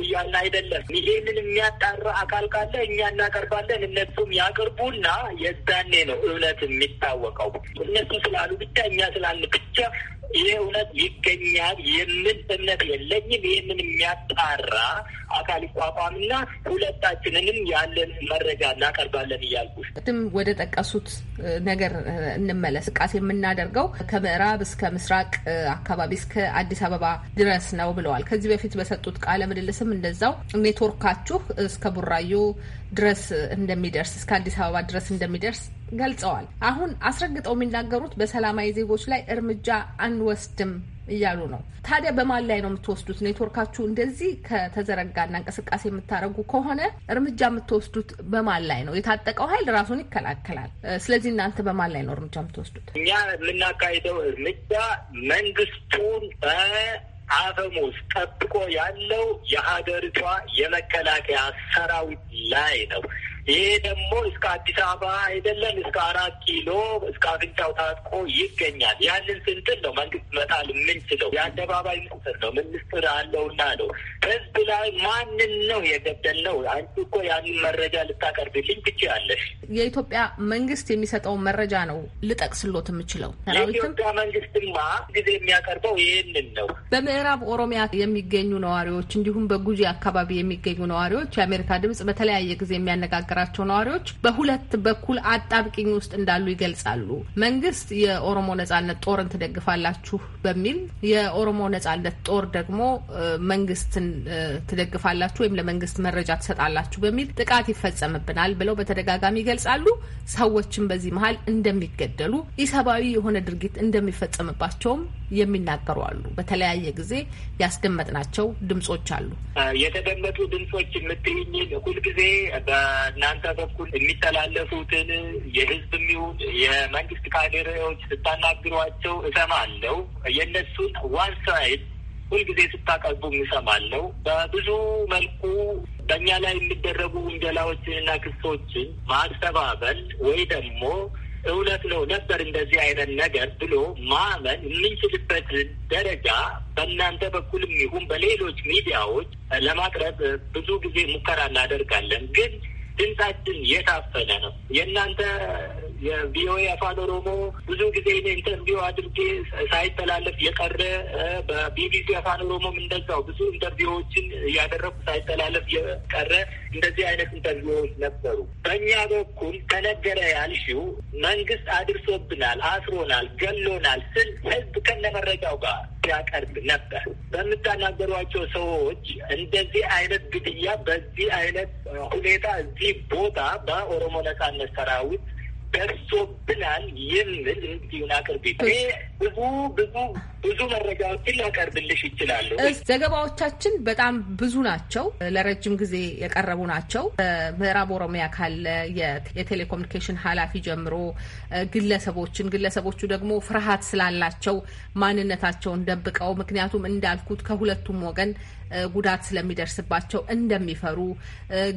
እያለ አይደለም። ይሄንን የሚያጣራ አካል ካለ እኛ እናቀርባለን፣ እነሱም ያቅርቡና የዛኔ ነው እውነት የሚታወቅ የምናውቀው እነሱ ስላሉ ብቻ እኛ ስላለ ብቻ ይህ እውነት ይገኛል የሚል እምነት የለኝም። ይህንን የሚያጣራ አካል ይቋቋምና ሁለታችንንም ያለን መረጃ እናቀርባለን እያልኩ ቅድም ወደ ጠቀሱት ነገር እንመለስ። እንቅስቃሴ የምናደርገው ከምዕራብ እስከ ምስራቅ አካባቢ እስከ አዲስ አበባ ድረስ ነው ብለዋል። ከዚህ በፊት በሰጡት ቃለ ምልልስም እንደዛው ኔትወርካችሁ እስከ ቡራዩ ድረስ እንደሚደርስ እስከ አዲስ አበባ ድረስ እንደሚደርስ ገልጸዋል። አሁን አስረግጠው የሚናገሩት በሰላማዊ ዜጎች ላይ እርምጃ አንወስድም እያሉ ነው። ታዲያ በማን ላይ ነው የምትወስዱት? ኔትወርካችሁ እንደዚህ ከተዘረጋና እንቅስቃሴ የምታደርጉ ከሆነ እርምጃ የምትወስዱት በማን ላይ ነው? የታጠቀው ኃይል ራሱን ይከላከላል። ስለዚህ እናንተ በማን ላይ ነው እርምጃ የምትወስዱት? እኛ የምናካሂደው እርምጃ መንግስቱን አፈሙዝ ጠብቆ ያለው የሀገሪቷ የመከላከያ ሰራዊት ላይ ነው። ይሄ ደግሞ እስከ አዲስ አበባ አይደለም እስከ አራት ኪሎ እስከ አፍንጫው ታጥቆ ይገኛል። ያንን ስንጥል ነው መንግስት መጣል የምንችለው። የአደባባይ ምስጥር ነው ሚኒስትር አለውና ነው ህዝብ ላይ ማንን ነው የገደል ነው። አንቺ እኮ ያንን መረጃ ልታቀርብልኝ ትችያለሽ። የኢትዮጵያ መንግስት የሚሰጠውን መረጃ ነው ልጠቅስሎት የምችለው። የኢትዮጵያ መንግስትማ ጊዜ የሚያቀርበው ይህንን ነው። በምዕራብ ኦሮሚያ የሚገኙ ነዋሪዎች እንዲሁም በጉጂ አካባቢ የሚገኙ ነዋሪዎች የአሜሪካ ድምጽ በተለያየ ጊዜ የሚያነጋግር ያነጋገራቸው ነዋሪዎች በሁለት በኩል አጣብቂኝ ውስጥ እንዳሉ ይገልጻሉ። መንግስት የኦሮሞ ነጻነት ጦርን ትደግፋላችሁ በሚል የኦሮሞ ነጻነት ጦር ደግሞ መንግስትን ትደግፋላችሁ ወይም ለመንግስት መረጃ ትሰጣላችሁ በሚል ጥቃት ይፈጸምብናል ብለው በተደጋጋሚ ይገልጻሉ። ሰዎችም በዚህ መሀል እንደሚገደሉ ኢሰብአዊ የሆነ ድርጊት እንደሚፈጸምባቸውም የሚናገሩ አሉ። በተለያየ ጊዜ ያስደመጥናቸው ድምጾች አሉ። የተደመጡ ድምጾች የምትይኝ ሁልጊዜ በእናንተ በኩል የሚተላለፉትን የህዝብ የሚሆን የመንግስት ካድሬዎች ስታናግሯቸው እሰማለሁ። የእነሱን ዋን ሳይድ ሁልጊዜ ስታቀርቡ እሰማለሁ። በብዙ መልኩ በእኛ ላይ የሚደረጉ ውንጀላዎችንና ክሶችን ማስተባበል ወይ ደግሞ እውነት ነው ነበር እንደዚህ አይነት ነገር ብሎ ማመን የምንችልበት ደረጃ በእናንተ በኩልም ይሁን በሌሎች ሚዲያዎች ለማቅረብ ብዙ ጊዜ ሙከራ እናደርጋለን ግን ድምጻችን የታፈነ ነው። የእናንተ የቪኦኤ አፋን ኦሮሞ ብዙ ጊዜ ኢንተርቪው አድርጌ ሳይተላለፍ የቀረ በቢቢሲ አፋን ኦሮሞም እንደዛው ብዙ ኢንተርቪዎችን እያደረጉ ሳይተላለፍ የቀረ እንደዚህ አይነት ኢንተርቪዎች ነበሩ። በእኛ በኩል ተነገረ ያልሽው መንግስት አድርሶብናል፣ አስሮናል፣ ገሎናል ስል ህዝብ ከነመረጃው ጋር ያቀርብ ነበር። በምታናገሯቸው ሰዎች እንደዚህ አይነት ግድያ በዚህ አይነት ሁኔታ እዚህ ቦታ በኦሮሞ ነጻነት ሰራዊት ብላል የሚል እንዲሁን አቅርቢ ብዙ ብዙ ብዙ መረጃዎችን ላቀርብልሽ ይችላሉ። ዘገባዎቻችን በጣም ብዙ ናቸው፣ ለረጅም ጊዜ የቀረቡ ናቸው። ምዕራብ ኦሮሚያ ካለ የቴሌኮሙኒኬሽን ኃላፊ ጀምሮ ግለሰቦችን ግለሰቦቹ ደግሞ ፍርሃት ስላላቸው ማንነታቸውን ደብቀው ምክንያቱም እንዳልኩት ከሁለቱም ወገን ጉዳት ስለሚደርስባቸው እንደሚፈሩ፣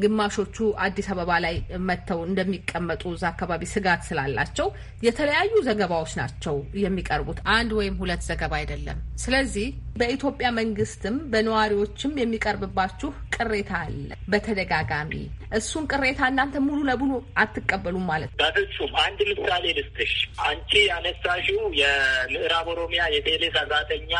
ግማሾቹ አዲስ አበባ ላይ መጥተው እንደሚቀመጡ እዛ አካባቢ ስጋት ስላላቸው የተለያዩ ዘገባዎች ናቸው የሚቀርቡት፣ አንድ ወይም ሁለት ዘገባ አይደለም። ስለዚህ በኢትዮጵያ መንግስትም በነዋሪዎችም የሚቀርብባችሁ ቅሬታ አለ በተደጋጋሚ። እሱን ቅሬታ እናንተ ሙሉ ለሙሉ አትቀበሉም ማለት ነው? በፍጹም። አንድ ምሳሌ ልስጥሽ። አንቺ ያነሳሽው የምዕራብ ኦሮሚያ የቴሌ ሰራተኛ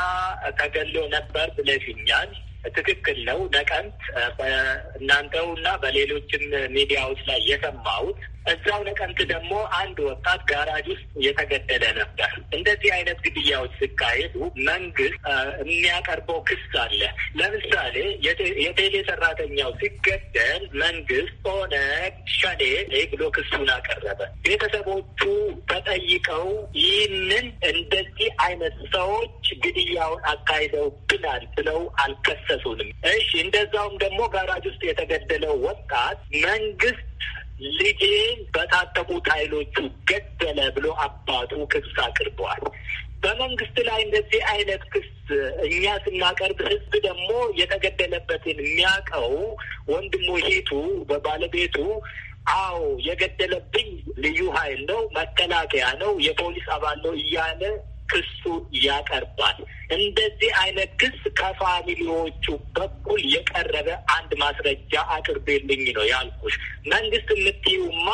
ተገሎ ነበር ብለሽኛል። ትክክል ነው ነቀምት በእናንተው እና በሌሎችም ሚዲያዎች ላይ የሰማሁት እዛው ነቀምት ደግሞ አንድ ወጣት ጋራጅ ውስጥ የተገደለ ነበር። እንደዚህ አይነት ግድያዎች ሲካሄዱ መንግስት የሚያቀርበው ክስ አለ። ለምሳሌ የቴሌ ሰራተኛው ሲገደል መንግስት ኦነግ ሸኔ ብሎ ክሱን አቀረበ። ቤተሰቦቹ ተጠይቀው ይህንን እንደዚህ አይነት ሰዎች ግድያውን አካሂደውብናል ብለው አልከሰሱንም። እሺ እንደዛውም ደግሞ ጋራጅ ውስጥ የተገደለው ወጣት መንግስት ልጄን በታጠቁት ኃይሎቹ ገደለ ብሎ አባቱ ክስ አቅርበዋል። በመንግስት ላይ እንደዚህ አይነት ክስ እኛ ስናቀርብ ህዝብ ደግሞ የተገደለበትን የሚያውቀው ወንድሙ፣ ሂቱ በባለቤቱ አዎ የገደለብኝ ልዩ ኃይል ነው፣ መከላከያ ነው፣ የፖሊስ አባል ነው እያለ ክሱ ያቀርባል። እንደዚህ አይነት ክስ ከፋሚሊዎቹ በኩል የቀረበ አንድ ማስረጃ አቅርቤልኝ ነው ያልኩሽ። መንግስት የምትዩማ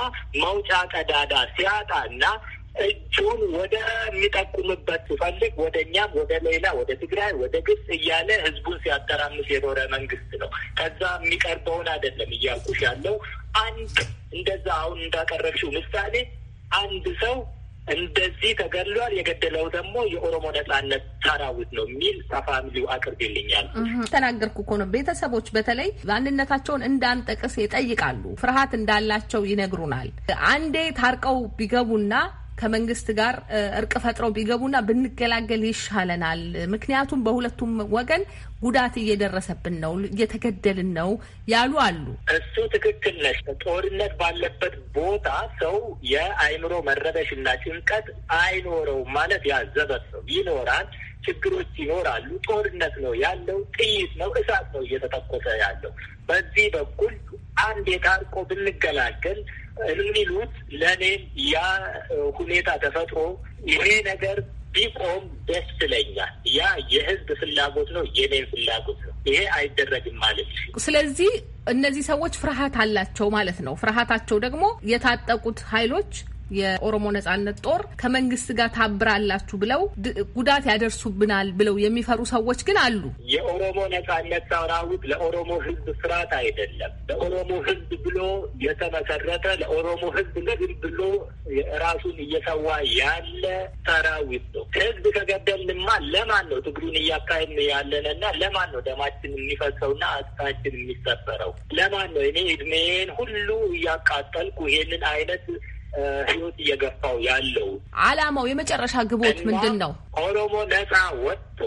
መውጫ ቀዳዳ ሲያጣና እጁን ወደሚጠቁምበት ሲፈልግ ወደ እኛም ወደ ሌላ ወደ ትግራይ ወደ ግብጽ እያለ ህዝቡን ሲያጠራምስ የኖረ መንግስት ነው። ከዛ የሚቀርበውን አይደለም እያልኩሽ ያለው አንድ እንደዛ አሁን እንዳቀረብሽው ምሳሌ አንድ ሰው እንደዚህ ተገድሏል፣ የገደለው ደግሞ የኦሮሞ ነጻነት ሰራዊት ነው የሚል ፋሚሊው አቅርብልኛል። ተናገርኩ እኮ ነው። ቤተሰቦች በተለይ አንድነታቸውን እንዳንጠቅስ ይጠይቃሉ፣ ፍርሃት እንዳላቸው ይነግሩናል። አንዴ ታርቀው ቢገቡና ከመንግስት ጋር እርቅ ፈጥረው ቢገቡና ብንገላገል ይሻለናል። ምክንያቱም በሁለቱም ወገን ጉዳት እየደረሰብን ነው፣ እየተገደልን ነው ያሉ አሉ። እሱ ትክክል ነሽ። ጦርነት ባለበት ቦታ ሰው የአይምሮ መረበሽ ጭንቀት አይኖረውም ማለት ያዘበት ሰው ይኖራል። ችግሮች ይኖራሉ። ጦርነት ነው ያለው፣ ጥይት ነው፣ እሳት ነው እየተተኮሰ ያለው። በዚህ በኩል አንድ የታርቆ ብንገላገል የሚሉት ለእኔም ያ ሁኔታ ተፈጥሮ ይሄ ነገር ቢቆም ደስ ይለኛል። ያ የህዝብ ፍላጎት ነው፣ የኔን ፍላጎት ነው። ይሄ አይደረግም ማለት ነው። ስለዚህ እነዚህ ሰዎች ፍርሃት አላቸው ማለት ነው። ፍርሃታቸው ደግሞ የታጠቁት ኃይሎች የኦሮሞ ነጻነት ጦር ከመንግስት ጋር ታብራላችሁ ብለው ጉዳት ያደርሱብናል ብለው የሚፈሩ ሰዎች ግን አሉ። የኦሮሞ ነጻነት ሰራዊት ለኦሮሞ ህዝብ ስርዓት አይደለም። ለኦሮሞ ህዝብ ብሎ የተመሰረተ ለኦሮሞ ህዝብ ለግል ብሎ ራሱን እየሰዋ ያለ ሰራዊት ነው። ሕዝብ ከገደልንማ ለማን ነው ትግሉን እያካሄድን ያለንና ለማን ነው ደማችን የሚፈሰውና አጥንታችን የሚሰበረው? ለማን ነው እኔ እድሜን ሁሉ እያቃጠልኩ ይሄንን አይነት ህይወት እየገፋው ያለው። አላማው የመጨረሻ ግቦት ምንድን ነው? ኦሮሞ ነጻ ወጥቶ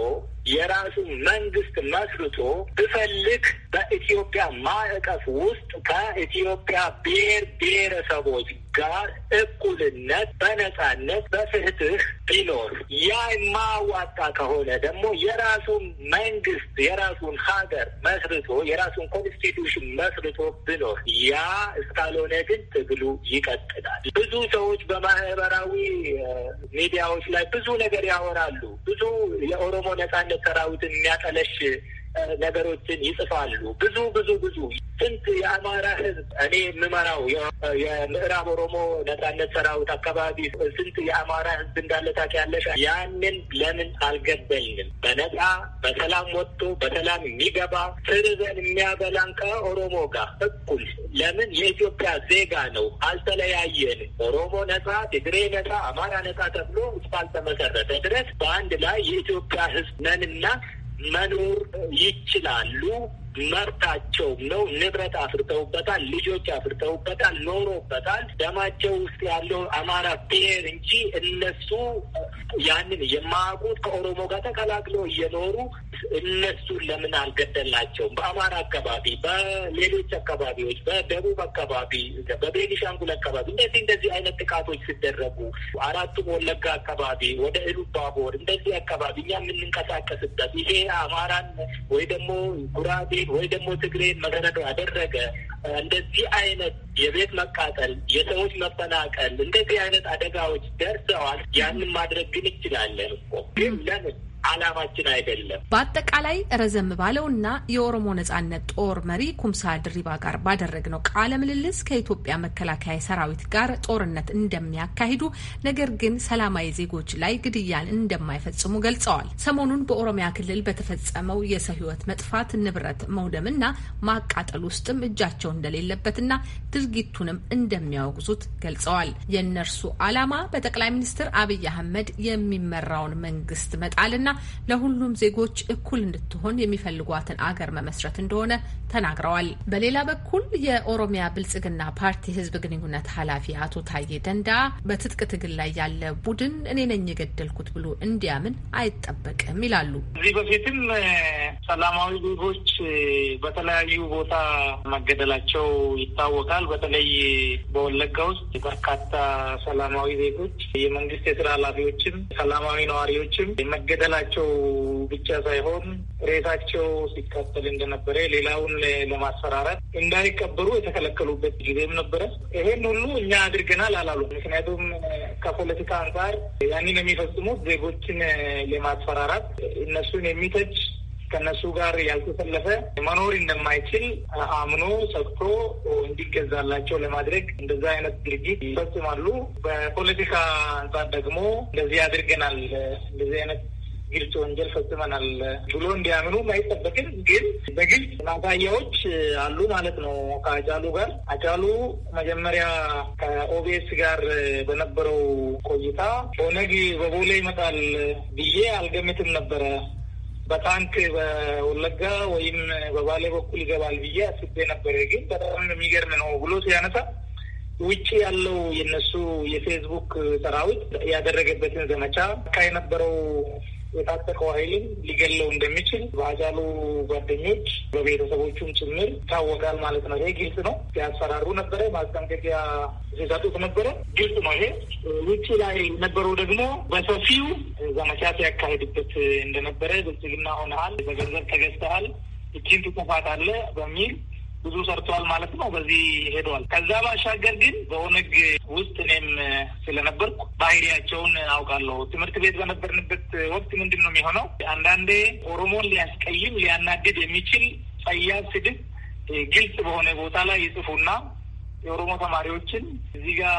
የራሱ መንግስት መስርቶ ብፈልግ በኢትዮጵያ ማዕቀፍ ውስጥ ከኢትዮጵያ ብሔር ብሔረሰቦች ጋር እኩልነት በነጻነት በፍትህ ቢኖር ያ የማዋጣ ከሆነ ደግሞ የራሱን መንግስት የራሱን ሀገር መስርቶ የራሱን ኮንስቲቱሽን መስርቶ ቢኖር ያ እስካልሆነ ግን ትግሉ ይቀጥላል። ብዙ ሰዎች በማህበራዊ ሚዲያዎች ላይ ብዙ ነገር ያወራሉ። ብዙ የኦሮሞ ነጻነት ሰራዊትን የሚያጠለሽ ነገሮችን ይጽፋሉ። ብዙ ብዙ ብዙ ስንት የአማራ ህዝብ እኔ የምመራው የምዕራብ ኦሮሞ ነጻነት ሰራዊት አካባቢ ስንት የአማራ ህዝብ እንዳለ ታውቂያለሽ? ያንን ለምን አልገደልንም? በነጻ በሰላም ወጥቶ በሰላም የሚገባ ስርዘን የሚያበላን ከኦሮሞ ጋር እኩል ለምን የኢትዮጵያ ዜጋ ነው። አልተለያየንም። ኦሮሞ ነጻ፣ ትግሬ ነጻ፣ አማራ ነጻ ተብሎ እስካልተመሰረተ ድረስ በአንድ ላይ የኢትዮጵያ ህዝብ ነንና መኖር ይችላሉ። መብታቸው ነው። ንብረት አፍርተውበታል፣ ልጆች አፍርተውበታል፣ ኖሮበታል። ደማቸው ውስጥ ያለው አማራ ብሔር እንጂ እነሱ ያንን የማያውቁት ከኦሮሞ ጋር ተቀላቅለው እየኖሩ እነሱን ለምን አልገደልናቸውም? በአማራ አካባቢ፣ በሌሎች አካባቢዎች፣ በደቡብ አካባቢ፣ በቤኒሻንጉል አካባቢ እንደዚህ እንደዚህ አይነት ጥቃቶች ሲደረጉ አራቱ ወለጋ አካባቢ ወደ ኢሉባቦር እንደዚህ አካባቢ እኛ የምንንቀሳቀስበት ይሄ አማራን ወይ ደግሞ ጉራቤ ሚል ወይ ደግሞ ትግሬን መሰረቱ አደረገ። እንደዚህ አይነት የቤት መቃጠል፣ የሰዎች መፈናቀል፣ እንደዚህ አይነት አደጋዎች ደርሰዋል። ያንን ማድረግ ግን ይችላለን እኮ ግን ለምን አላማችን አይደለም። በአጠቃላይ ረዘም ባለውና የኦሮሞ ነጻነት ጦር መሪ ኩምሳ ድሪባ ጋር ባደረግነው ቃለ ምልልስ ከኢትዮጵያ መከላከያ ሰራዊት ጋር ጦርነት እንደሚያካሂዱ ነገር ግን ሰላማዊ ዜጎች ላይ ግድያን እንደማይፈጽሙ ገልጸዋል። ሰሞኑን በኦሮሚያ ክልል በተፈጸመው የሰው ሕይወት መጥፋት፣ ንብረት መውደምና ማቃጠል ውስጥም እጃቸው እንደሌለበትና ድርጊቱንም እንደሚያወግዙት ገልጸዋል። የእነርሱ አላማ በጠቅላይ ሚኒስትር አብይ አህመድ የሚመራውን መንግስት መጣልና ና ለሁሉም ዜጎች እኩል እንድትሆን የሚፈልጓትን አገር መመስረት እንደሆነ ተናግረዋል። በሌላ በኩል የኦሮሚያ ብልጽግና ፓርቲ ህዝብ ግንኙነት ኃላፊ አቶ ታዬ ደንዳ በትጥቅ ትግል ላይ ያለ ቡድን እኔ ነኝ የገደልኩት ብሎ እንዲያምን አይጠበቅም ይላሉ። እዚህ በፊትም ሰላማዊ ዜጎች በተለያዩ ቦታ መገደላቸው ይታወቃል። በተለይ በወለጋ ውስጥ በርካታ ሰላማዊ ዜጎች የመንግስት የስራ ኃላፊዎችም ሰላማዊ ነዋሪዎችም መገደላ መሞታቸው ብቻ ሳይሆን ሬሳቸው ሲካተል እንደነበረ ሌላውን ለማስፈራራት እንዳይቀበሩ የተከለከሉበት ጊዜም ነበረ። ይሄን ሁሉ እኛ አድርገናል አላሉ። ምክንያቱም ከፖለቲካ አንጻር ያንን የሚፈጽሙት ዜጎችን ለማስፈራራት እነሱን የሚተች ከነሱ ጋር ያልተሰለፈ መኖር እንደማይችል አምኖ ሰጥቶ እንዲገዛላቸው ለማድረግ እንደዛ አይነት ድርጊት ይፈጽማሉ። በፖለቲካ አንጻር ደግሞ እንደዚህ አድርገናል እንደዚህ አይነት ግልጽ ወንጀል ፈጽመናል ብሎ እንዲያምኑ አይጠበቅም። ግን በግልጽ ማሳያዎች አሉ ማለት ነው። ከአጫሉ ጋር አጫሉ መጀመሪያ ከኦቤስ ጋር በነበረው ቆይታ ኦነግ በቦሌ ይመጣል ብዬ አልገምትም ነበረ። በታንክ በወለጋ ወይም በባሌ በኩል ይገባል ብዬ አስቤ ነበረ። ግን በጣም የሚገርም ነው ብሎ ሲያነሳ ውጭ ያለው የነሱ የፌስቡክ ሰራዊት ያደረገበትን ዘመቻ ከነበረው የታጠቀው ኃይልም ሊገለው እንደሚችል በአጫሉ ጓደኞች በቤተሰቦቹም ጭምር ይታወቃል ማለት ነው። ይሄ ግልጽ ነው። ያስፈራሩ ነበረ፣ ማስጠንቀቂያ ሲሰጡት ነበረ። ግልጽ ነው ይሄ። ውጭ ላይ ነበረው ደግሞ በሰፊው ዘመቻ ሲያካሄድበት እንደነበረ ብልጽግና ሆነሃል፣ በገንዘብ ተገዝተሃል፣ እችን ትጽፋት አለ በሚል ብዙ ሰርተዋል ማለት ነው። በዚህ ሄደዋል። ከዛ ባሻገር ግን በኦነግ ውስጥ እኔም ስለነበርኩ ባህሪያቸውን አውቃለሁ። ትምህርት ቤት በነበርንበት ወቅት ምንድን ነው የሚሆነው? አንዳንዴ ኦሮሞን ሊያስቀይም ሊያናድድ የሚችል ጸያፍ ስድብ ግልጽ በሆነ ቦታ ላይ ይጽፉና የኦሮሞ ተማሪዎችን እዚህ ጋር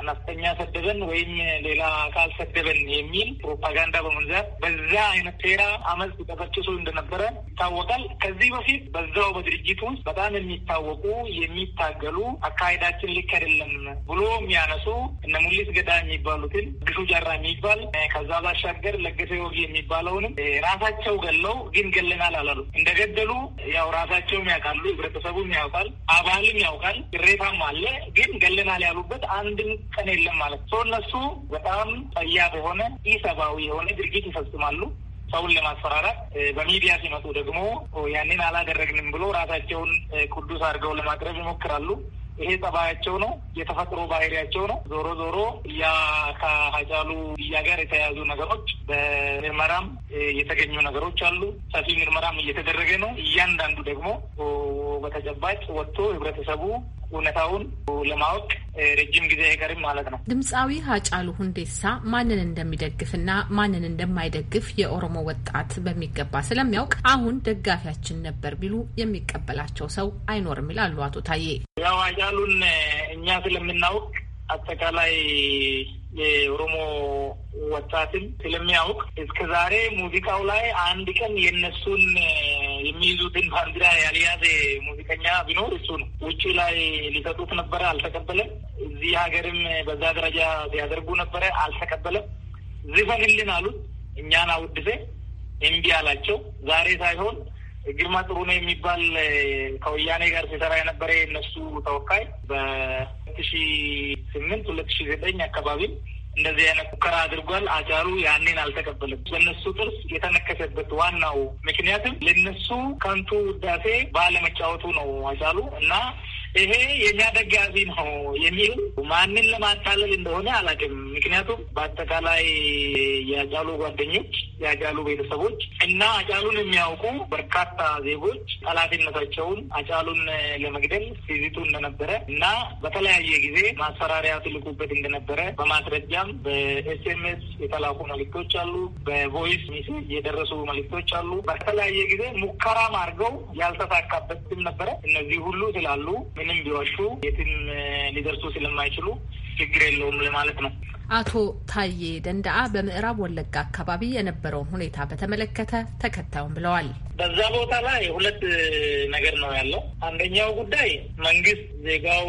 አናስተኛ ሰደበን ወይም ሌላ አካል ሰደበን የሚል ፕሮፓጋንዳ በመንዛት በዛ አይነት ሴራ አመፅ ተፈጭሶ እንደነበረ ይታወቃል። ከዚህ በፊት በዛው በድርጅቱ ውስጥ በጣም የሚታወቁ የሚታገሉ አካሄዳችን ልክ አይደለም ብሎ የሚያነሱ እነ ሙሊስ ገዳ የሚባሉትን ግሹ ጃራ የሚባል ከዛ ባሻገር ለገሰ ወጊ የሚባለውንም ራሳቸው ገለው ግን ገለናል አላሉ። እንደገደሉ ያው ራሳቸውም ያውቃሉ፣ ህብረተሰቡም ያውቃል፣ አባልም ያውቃል ቅሬታም አለ። ግን ገለናል ያሉበት አንድም ቀን የለም ማለት ነው። እነሱ በጣም ጠያ በሆነ ኢሰብአዊ የሆነ ድርጊት ይፈጽማሉ። ሰውን ለማስፈራራት በሚዲያ ሲመጡ ደግሞ ያንን አላደረግንም ብሎ ራሳቸውን ቅዱስ አድርገው ለማቅረብ ይሞክራሉ። ይሄ ጸባያቸው ነው፣ የተፈጥሮ ባህሪያቸው ነው። ዞሮ ዞሮ ያ ከሀጫሉ እያ ጋር የተያያዙ ነገሮች በምርመራም የተገኙ ነገሮች አሉ። ሰፊ ምርመራም እየተደረገ ነው። እያንዳንዱ ደግሞ በተጨባጭ ወጥቶ ህብረተሰቡ እውነታውን ለማወቅ ረጅም ጊዜ አይቀርም ማለት ነው። ድምፃዊ ሀጫሉ ሁንዴሳ ማንን እንደሚደግፍና ማንን እንደማይደግፍ የኦሮሞ ወጣት በሚገባ ስለሚያውቅ አሁን ደጋፊያችን ነበር ቢሉ የሚቀበላቸው ሰው አይኖርም ይላሉ አቶ ታዬ። ያው ሀጫሉን እኛ ስለምናውቅ አጠቃላይ የኦሮሞ ወጣትን ስለሚያውቅ እስከ ዛሬ ሙዚቃው ላይ አንድ ቀን የእነሱን የሚይዙትን ባንዲራ ያልያዘ ሙዚቀኛ ቢኖር እሱ ነው። ውጭ ላይ ሊሰጡት ነበረ፣ አልተቀበለም። እዚህ ሀገርም በዛ ደረጃ ሲያደርጉ ነበረ፣ አልተቀበለም። ዝፈንልን አሉት። እኛን አውድሴ እምቢ አላቸው። ዛሬ ሳይሆን ግርማ ነው የሚባል ከወያኔ ጋር ሲሰራ የነበረ የእነሱ ተወካይ ሁለት ሺ ስምንት ሁለት ሺ ዘጠኝ አካባቢም እንደዚህ አይነት ሙከራ አድርጓል። አጫሉ ያኔን አልተቀበለም። በእነሱ ጥርስ የተነከሰበት ዋናው ምክንያትም ለነሱ ከንቱ ውዳሴ ባለመጫወቱ ነው አጫሉ እና ይሄ የእኛ ደጋፊ ነው የሚሉ ማንን ለማታለል እንደሆነ አላውቅም። ምክንያቱም በአጠቃላይ የአጫሉ ጓደኞች፣ የአጫሉ ቤተሰቦች እና አጫሉን የሚያውቁ በርካታ ዜጎች ጠላትነታቸውን አጫሉን ለመግደል ሲዝቱ እንደነበረ እና በተለያየ ጊዜ ማስፈራሪያ ትልቁበት እንደነበረ በማስረጃም በኤስኤምኤስ የተላኩ መልክቶች አሉ። በቮይስ ሜሴጅ የደረሱ መልክቶች አሉ። በተለያየ ጊዜ ሙከራም አድርገው ያልተሳካበትም ነበረ። እነዚህ ሁሉ ስላሉ ምንም ቢዋሹ የትም ሊደርሱ ስለማይችሉ ችግር የለውም ለማለት ነው። አቶ ታዬ ደንዳአ በምዕራብ ወለጋ አካባቢ የነበረውን ሁኔታ በተመለከተ ተከታዩም ብለዋል። በዛ ቦታ ላይ ሁለት ነገር ነው ያለው። አንደኛው ጉዳይ መንግስት ዜጋው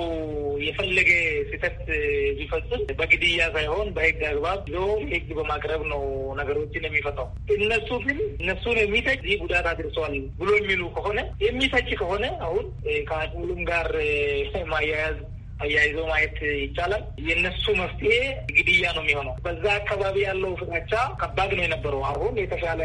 የፈለገ ስህተት ቢፈጽም በግድያ ሳይሆን በህግ አግባብ ዞ ህግ በማቅረብ ነው ነገሮችን የሚፈታው። እነሱ ግን እነሱን የሚተች ይህ ጉዳት አድርሰዋል ብሎ የሚሉ ከሆነ የሚተች ከሆነ አሁን ከሁሉም ጋር ማያያዝ አያይዞ ማየት ይቻላል። የእነሱ መፍትሄ ግድያ ነው የሚሆነው። በዛ አካባቢ ያለው ፍራቻ ከባድ ነው የነበረው። አሁን የተሻለ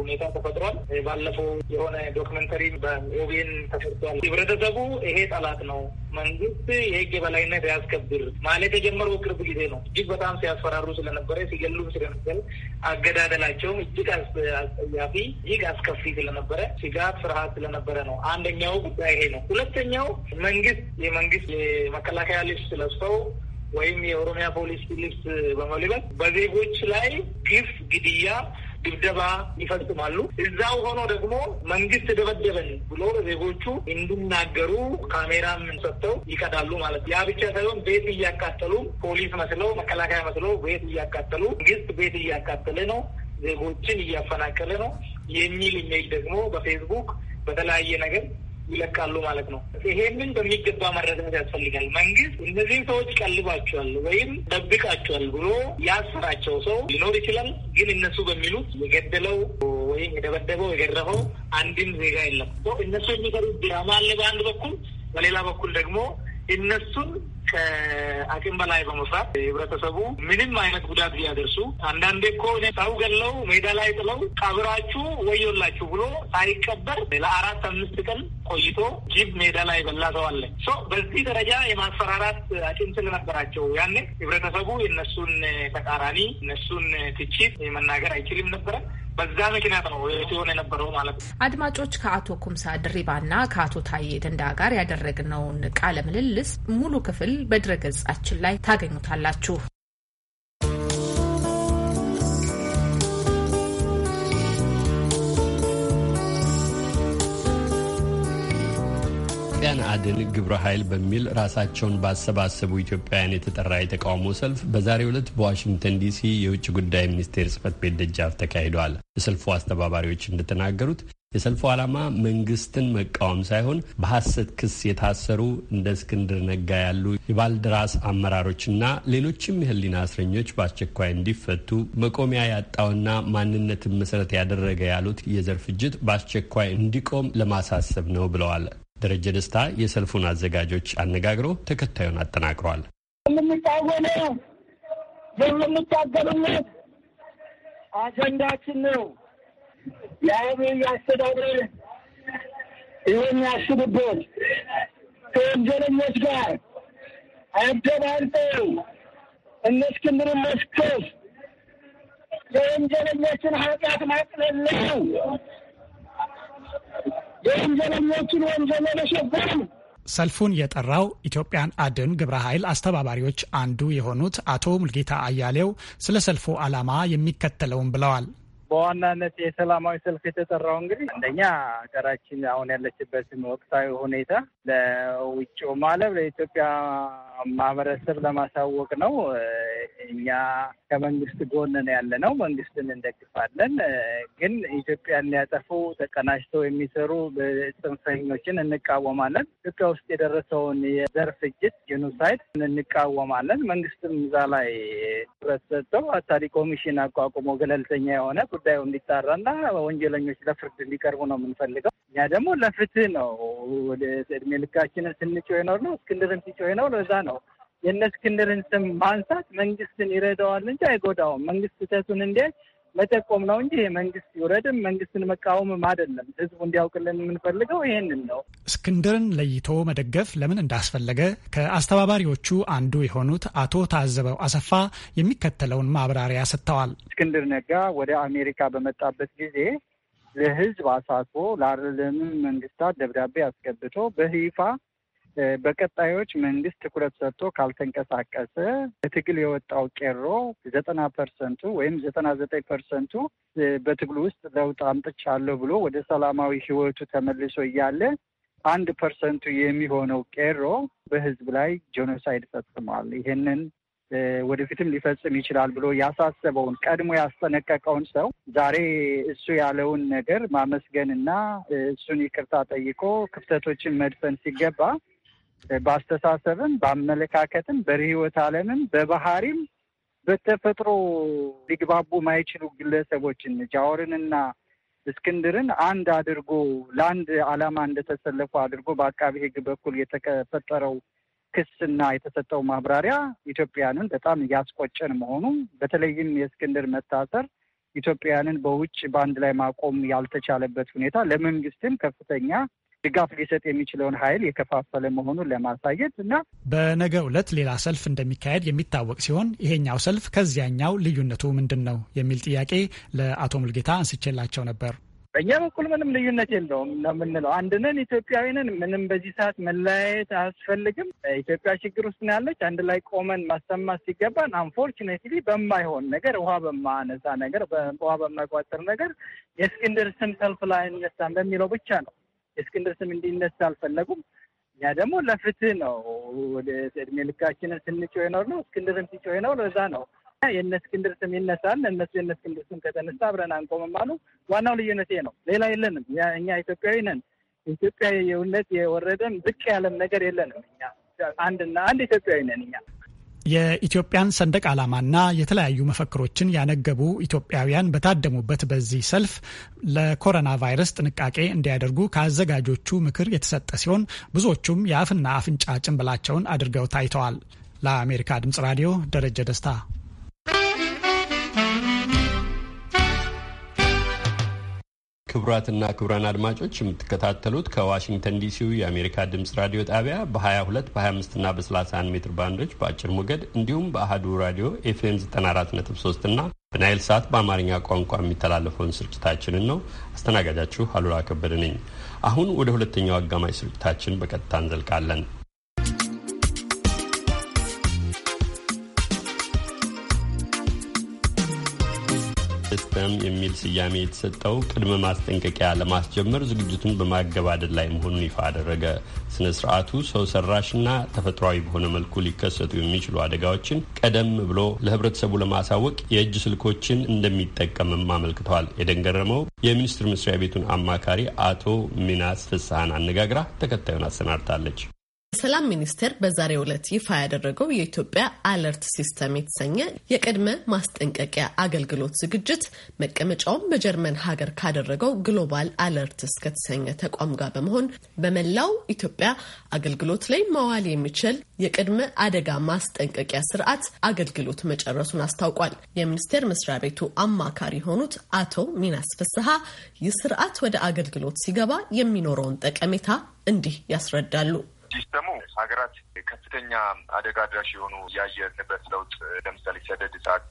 ሁኔታ ተፈጥሯል። ባለፈው የሆነ ዶክመንተሪ በኦቤን ተፈርቷል። ህብረተሰቡ ይሄ ጠላት ነው፣ መንግስት የህግ የበላይነት ያስከብር ማለት የጀመረው ቅርብ ጊዜ ነው። እጅግ በጣም ሲያስፈራሩ ስለነበረ ሲገሉም ስለነበር አገዳደላቸውም እጅግ አስጸያፊ እጅግ አስከፊ ስለነበረ ስጋት፣ ፍርሃት ስለነበረ ነው። አንደኛው ጉዳይ ይሄ ነው። ሁለተኛው መንግስት የመንግስት የመከላ የመከላከያ ልብስ ለብሰው ወይም የኦሮሚያ ፖሊስ ልብስ በመልበስ በዜጎች ላይ ግፍ፣ ግድያ፣ ድብደባ ይፈጽማሉ። እዛው ሆኖ ደግሞ መንግስት ደበደበን ብሎ ዜጎቹ እንዲናገሩ ካሜራም ሰጥተው ይቀዳሉ ማለት ያ ብቻ ሳይሆን ቤት እያቃጠሉ ፖሊስ መስለው መከላከያ መስለው ቤት እያቃጠሉ መንግስት ቤት እያቃጠለ ነው፣ ዜጎችን እያፈናቀለ ነው የሚል ኢሜይል ደግሞ በፌስቡክ በተለያየ ነገር ይለቃሉ ማለት ነው። ይሄንን በሚገባ መረዳት ያስፈልጋል። መንግስት እነዚህን ሰዎች ቀልባቸዋል ወይም ጠብቃቸዋል ብሎ ያሰራቸው ሰው ሊኖር ይችላል። ግን እነሱ በሚሉት የገደለው ወይም የደበደበው የገረፈው አንድም ዜጋ የለም። እነሱ የሚሰሩት ድራማ አለ በአንድ በኩል፣ በሌላ በኩል ደግሞ እነሱን ከአቅም በላይ በመስራት ህብረተሰቡ ምንም አይነት ጉዳት ቢያደርሱ አንዳንዴ እኮ ሰው ገለው ሜዳ ላይ ጥለው ቀብራችሁ ወዮላችሁ ብሎ ሳይቀበር ለአራት አምስት ቀን ቆይቶ ጅብ ሜዳ ላይ በላ ሰው አለ። በዚህ ደረጃ የማስፈራራት አቅም ስለነበራቸው ያኔ ህብረተሰቡ የነሱን ተቃራኒ እነሱን ትችት መናገር አይችልም ነበረ። በዛ ምክንያት ነው ሲሆን የነበረው ማለት ነው። አድማጮች ከአቶ ኩምሳ ድሪባና ከአቶ ታዬ ደንዳ ጋር ያደረግነውን ቃለ ምልልስ ሙሉ ክፍል በድረገጻችን ላይ ታገኙታላችሁ። የኢትዮጵያን አድን ግብረ ኃይል በሚል ራሳቸውን ባሰባሰቡ ኢትዮጵያውያን የተጠራ የተቃውሞ ሰልፍ በዛሬው ዕለት በዋሽንግተን ዲሲ የውጭ ጉዳይ ሚኒስቴር ጽህፈት ቤት ደጃፍ ተካሂደዋል። የሰልፉ አስተባባሪዎች እንደተናገሩት የሰልፉ ዓላማ መንግስትን መቃወም ሳይሆን በሐሰት ክስ የታሰሩ እንደ እስክንድር ነጋ ያሉ የባልደራስ አመራሮችና ሌሎችም የህሊና እስረኞች በአስቸኳይ እንዲፈቱ መቆሚያ ያጣውና ማንነትን መሰረት ያደረገ ያሉት የዘር ፍጅት በአስቸኳይ እንዲቆም ለማሳሰብ ነው ብለዋል። ደረጀ ደስታ የሰልፉን አዘጋጆች አነጋግሮ ተከታዩን አጠናቅሯል። የምንታወነው የምንታገልነት አጀንዳችን ነው። የአብ አስተዳደር ይህን ከወንጀለኞች ጋር አደባልጠው እነ እስክንድርን መስከስ የወንጀለኞችን ኃጢአት ማቅለል ነው። የወንጀለኞችን ወንጀል ለመሸበር ነው። ሰልፉን የጠራው ኢትዮጵያን አድን ግብረ ኃይል አስተባባሪዎች አንዱ የሆኑት አቶ ሙልጌታ አያሌው ስለ ሰልፉ ዓላማ የሚከተለውን ብለዋል። በዋናነት የሰላማዊ ሰልፍ የተጠራው እንግዲህ አንደኛ ሀገራችን አሁን ያለችበትን ወቅታዊ ሁኔታ ለውጭው ማለብ ለኢትዮጵያ ማህበረሰብ ለማሳወቅ ነው። እኛ ከመንግስት ጎን ነው ያለ ነው። መንግስትን እንደግፋለን። ግን ኢትዮጵያን ሊያጠፉ ተቀናጅተው የሚሰሩ ጽንፈኞችን እንቃወማለን። ኢትዮጵያ ውስጥ የደረሰውን የዘር ፍጅት ጄኖሳይድ እንቃወማለን። መንግስትም እዛ ላይ ትኩረት ሰጥተው አጣሪ ኮሚሽን አቋቁሞ ገለልተኛ የሆነ ጉዳዩ እንዲጣራና ወንጀለኞች ለፍርድ እንዲቀርቡ ነው የምንፈልገው። እኛ ደግሞ ለፍትህ ነው ወደ እድሜ ልካችንን ስንጮ ነው ነው እስክንድርም ነው ለዛ ነው። የእነ እስክንድርን ስም ማንሳት መንግስትን ይረዳዋል እንጂ አይጎዳውም። መንግስት ስህተቱን እንዲያይ መጠቆም ነው እንጂ መንግስት ይውረድም መንግስትን መቃወምም አይደለም። ህዝቡ እንዲያውቅልን የምንፈልገው ይህንን ነው። እስክንድርን ለይቶ መደገፍ ለምን እንዳስፈለገ ከአስተባባሪዎቹ አንዱ የሆኑት አቶ ታዘበው አሰፋ የሚከተለውን ማብራሪያ ሰጥተዋል። እስክንድር ነጋ ወደ አሜሪካ በመጣበት ጊዜ ለህዝብ አሳትፎ ለዓለምም መንግስታት ደብዳቤ አስገብቶ በይፋ በቀጣዮች መንግስት ትኩረት ሰጥቶ ካልተንቀሳቀሰ በትግል የወጣው ቄሮ ዘጠና ፐርሰንቱ ወይም ዘጠና ዘጠኝ ፐርሰንቱ በትግሉ ውስጥ ለውጥ አምጥቻለሁ ብሎ ወደ ሰላማዊ ህይወቱ ተመልሶ እያለ አንድ ፐርሰንቱ የሚሆነው ቄሮ በህዝብ ላይ ጄኖሳይድ ፈጽሟል። ይህንን ወደፊትም ሊፈጽም ይችላል ብሎ ያሳሰበውን ቀድሞ ያስጠነቀቀውን ሰው ዛሬ እሱ ያለውን ነገር ማመስገንና እሱን ይቅርታ ጠይቆ ክፍተቶችን መድፈን ሲገባ በአስተሳሰብም፣ በአመለካከትም፣ በርህይወት ዓለምም፣ በባህሪም በተፈጥሮ ሊግባቡ ማይችሉ ግለሰቦችን ጃወርንና እስክንድርን አንድ አድርጎ ለአንድ ዓላማ እንደተሰለፉ አድርጎ በአቃቢ ሕግ በኩል የተፈጠረው ክስና የተሰጠው ማብራሪያ ኢትዮጵያንን በጣም እያስቆጨን መሆኑ በተለይም የእስክንድር መታሰር ኢትዮጵያንን በውጭ በአንድ ላይ ማቆም ያልተቻለበት ሁኔታ ለመንግስትም ከፍተኛ ድጋፍ ሊሰጥ የሚችለውን ኃይል የከፋፈለ መሆኑን ለማሳየት እና በነገ ዕለት ሌላ ሰልፍ እንደሚካሄድ የሚታወቅ ሲሆን ይሄኛው ሰልፍ ከዚያኛው ልዩነቱ ምንድን ነው የሚል ጥያቄ ለአቶ ሙልጌታ አንስቼላቸው ነበር። በእኛ በኩል ምንም ልዩነት የለውም ነው የምንለው። አንድነን ኢትዮጵያዊንን ምንም በዚህ ሰዓት መለያየት አያስፈልግም። ኢትዮጵያ ችግር ውስጥ ያለች አንድ ላይ ቆመን ማሰማት ሲገባን፣ አንፎርችኔትሊ በማይሆን ነገር፣ ውሃ በማነሳ ነገር፣ ውሃ በማቋጠር ነገር የእስክንድር ስም ሰልፍ ላይ እንነሳን በሚለው ብቻ ነው የእስክንድር ስም እንዲነሳ አልፈለጉም። እኛ ደግሞ ለፍትህ ነው ወደ እድሜ ልካችንን ስንጮ የኖር ነው። እስክንድርም ሲጮ የኖር ለዛ ነው የእነ እስክንድር ስም ይነሳል። እነሱ የእነ እስክንድር ስም ከተነሳ አብረን አንቆምም አሉ። ዋናው ልዩነት ነው። ሌላ የለንም። እኛ ኢትዮጵያዊ ነን። ኢትዮጵያ ኢትዮጵያዊነት የወረደም ዝቅ ያለም ነገር የለንም። እኛ አንድና አንድ ኢትዮጵያዊ ነን እኛ የኢትዮጵያን ሰንደቅ ዓላማና የተለያዩ መፈክሮችን ያነገቡ ኢትዮጵያውያን በታደሙበት በዚህ ሰልፍ ለኮሮና ቫይረስ ጥንቃቄ እንዲያደርጉ ከአዘጋጆቹ ምክር የተሰጠ ሲሆን ብዙዎቹም የአፍና አፍንጫ ጭንብላቸውን አድርገው ታይተዋል። ለአሜሪካ ድምጽ ራዲዮ ደረጀ ደስታ ክቡራትና ክቡራን አድማጮች የምትከታተሉት ከዋሽንግተን ዲሲው የአሜሪካ ድምጽ ራዲዮ ጣቢያ በ22 በ25ና በ31 ሜትር ባንዶች በአጭር ሞገድ እንዲሁም በአህዱ ራዲዮ ኤፍኤም 943 እና በናይል ሰዓት በአማርኛ ቋንቋ የሚተላለፈውን ስርጭታችንን ነው። አስተናጋጃችሁ አሉላ ከበደ ነኝ። አሁን ወደ ሁለተኛው አጋማሽ ስርጭታችን በቀጥታ እንዘልቃለን። መቅደም የሚል ስያሜ የተሰጠው ቅድመ ማስጠንቀቂያ ለማስጀመር ዝግጅቱን በማገባደድ ላይ መሆኑን ይፋ አደረገ። ስነ ስርዓቱ ሰው ሰራሽና ተፈጥሯዊ በሆነ መልኩ ሊከሰቱ የሚችሉ አደጋዎችን ቀደም ብሎ ለህብረተሰቡ ለማሳወቅ የእጅ ስልኮችን እንደሚጠቀምም አመልክተዋል። የደንገረመው የሚኒስቴር መስሪያ ቤቱን አማካሪ አቶ ሚናስ ፍስሐን አነጋግራ ተከታዩን አሰናድታለች። የሰላም ሚኒስቴር በዛሬ ዕለት ይፋ ያደረገው የኢትዮጵያ አለርት ሲስተም የተሰኘ የቅድመ ማስጠንቀቂያ አገልግሎት ዝግጅት መቀመጫውን በጀርመን ሀገር ካደረገው ግሎባል አለርት ከተሰኘ ተቋም ጋር በመሆን በመላው ኢትዮጵያ አገልግሎት ላይ መዋል የሚችል የቅድመ አደጋ ማስጠንቀቂያ ስርዓት አገልግሎት መጨረሱን አስታውቋል። የሚኒስቴር መስሪያ ቤቱ አማካሪ የሆኑት አቶ ሚናስ ፍስሀ ይህ ስርዓት ወደ አገልግሎት ሲገባ የሚኖረውን ጠቀሜታ እንዲህ ያስረዳሉ። ሲስተሙ ሀገራት ከፍተኛ አደጋ አድራሽ የሆኑ የአየር ንብረት ለውጥ ለምሳሌ ሰደድ እሳት፣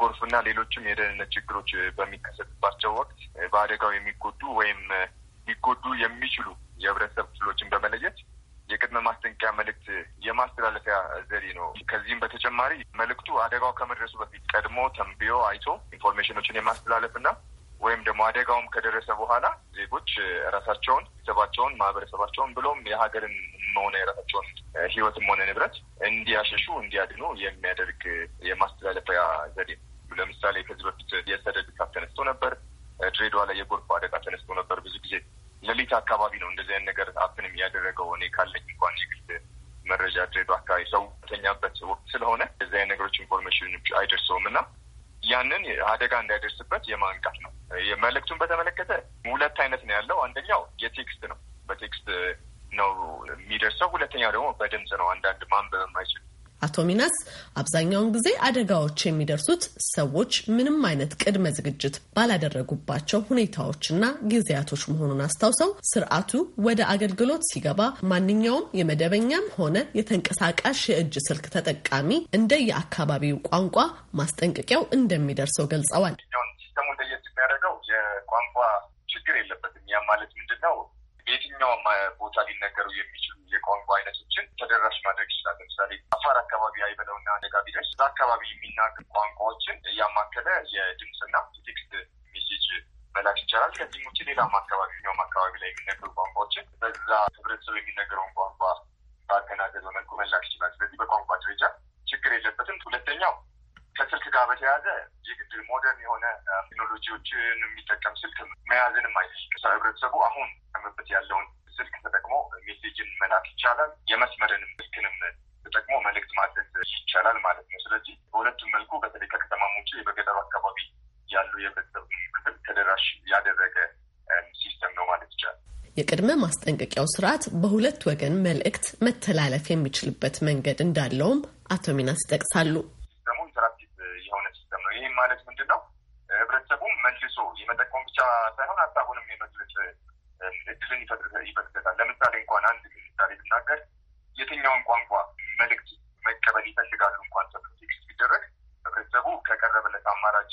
ጎርፍና ሌሎችም የደህንነት ችግሮች በሚከሰቱባቸው ወቅት በአደጋው የሚጎዱ ወይም ሊጎዱ የሚችሉ የህብረተሰብ ክፍሎችን በመለየት የቅድመ ማስጠንቀቂያ መልእክት የማስተላለፊያ ዘዴ ነው። ከዚህም በተጨማሪ መልእክቱ አደጋው ከመድረሱ በፊት ቀድሞ ተንብዮ አይቶ ኢንፎርሜሽኖችን የማስተላለፍ ወይም ደግሞ አደጋውም ከደረሰ በኋላ ዜጎች ራሳቸውን፣ ቤተሰባቸውን፣ ማህበረሰባቸውን ብሎም የሀገርን መሆነ የራሳቸውን ህይወትም ሆነ ንብረት እንዲያሸሹ እንዲያድኑ የሚያደርግ የማስተላለፊያ ዘዴ ነው። ለምሳሌ ከዚህ በፊት የሰደድ እሳት ተነስቶ ነበር። ድሬዳዋ ላይ የጎርፍ አደጋ ተነስቶ ነበር። ብዙ ጊዜ ሌሊት አካባቢ ነው እንደዚህ አይነት ነገር አፕንም ያደረገው። እኔ ካለኝ እንኳን የግል መረጃ ድሬዳዋ አካባቢ ሰው ተኛበት ወቅት ስለሆነ እዚህ ነገሮች ኢንፎርሜሽን አይደርሰውም እና ያንን አደጋ እንዳይደርስበት የማንቃት ነው። መልእክቱን በተመለከተ ሁለት አይነት ነው ያለው። አንደኛው የቴክስት ነው፣ በቴክስት ነው የሚደርሰው። ሁለተኛው ደግሞ በድምፅ ነው። አንዳንድ ማንበብ የማይችሉ አቶ ሚናስ አብዛኛውን ጊዜ አደጋዎች የሚደርሱት ሰዎች ምንም አይነት ቅድመ ዝግጅት ባላደረጉባቸው ሁኔታዎችና ጊዜያቶች መሆኑን አስታውሰው ስርዓቱ ወደ አገልግሎት ሲገባ ማንኛውም የመደበኛም ሆነ የተንቀሳቃሽ የእጅ ስልክ ተጠቃሚ እንደ የአካባቢው ቋንቋ ማስጠንቀቂያው እንደሚደርሰው ገልጸዋል። ሲስተሙ ለየት የሚያደርገው የቋንቋ ችግር የለበትም። ያም ማለት ምንድን ነው? በየትኛውም ቦታ ሊነገሩ የሚችሉ የቋንቋ አይነቶችን ተደራሽ ማድረግ ይችላል። ለምሳሌ አፋር አካባቢ አይበለውና አደጋ ቢደርስ እዛ አካባቢ የሚናገሩ ቋንቋዎችን እያማከለ የድምፅና የቴክስት ሜሴጅ መላክ ይቻላል። ከዚህም ውጭ ሌላም አካባቢ ኛውም አካባቢ ላይ የሚነገሩ ቋንቋዎችን በዛ ህብረተሰብ የሚነገረውን ቋንቋ ባገናዘበ መልኩ መላክ ይችላል። ስለዚህ በቋንቋ ደረጃ ችግር የለበትም። ሁለተኛው ከስልክ ጋር በተያያዘ የግድ ሞደርን የሆነ ቴክኖሎጂዎችን የሚጠቀም ስልክ መያዝን የማይችል ህብረተሰቡ አሁን ቀምበት ያለውን ስልክ ተጠቅሞ ሜሴጅን መላክ ይቻላል። የመስመርንም ስልክንም ተጠቅሞ መልእክት ማድረስ ይቻላል ማለት ነው። ስለዚህ በሁለቱም መልኩ በተለይ ከከተማም ውጭ በገጠሩ አካባቢ ያሉ የህብረተሰቡ ክፍል ተደራሽ ያደረገ ሲስተም ነው ማለት ይቻላል። የቅድመ ማስጠንቀቂያው ስርዓት በሁለት ወገን መልእክት መተላለፍ የሚችልበት መንገድ እንዳለውም አቶ ሚናስ ይጠቅሳሉ። የመጠቆም ብቻ ሳይሆን ሀሳቡንም የመስልት እድልን ይፈቅድለታል። ለምሳሌ እንኳን አንድ ምሳሌ ብናገር የትኛውን ቋንቋ መልእክት መቀበል ይፈልጋሉ እንኳን ተብሎ ቴክስት ቢደረግ ህብረተሰቡ ከቀረበለት አማራጭ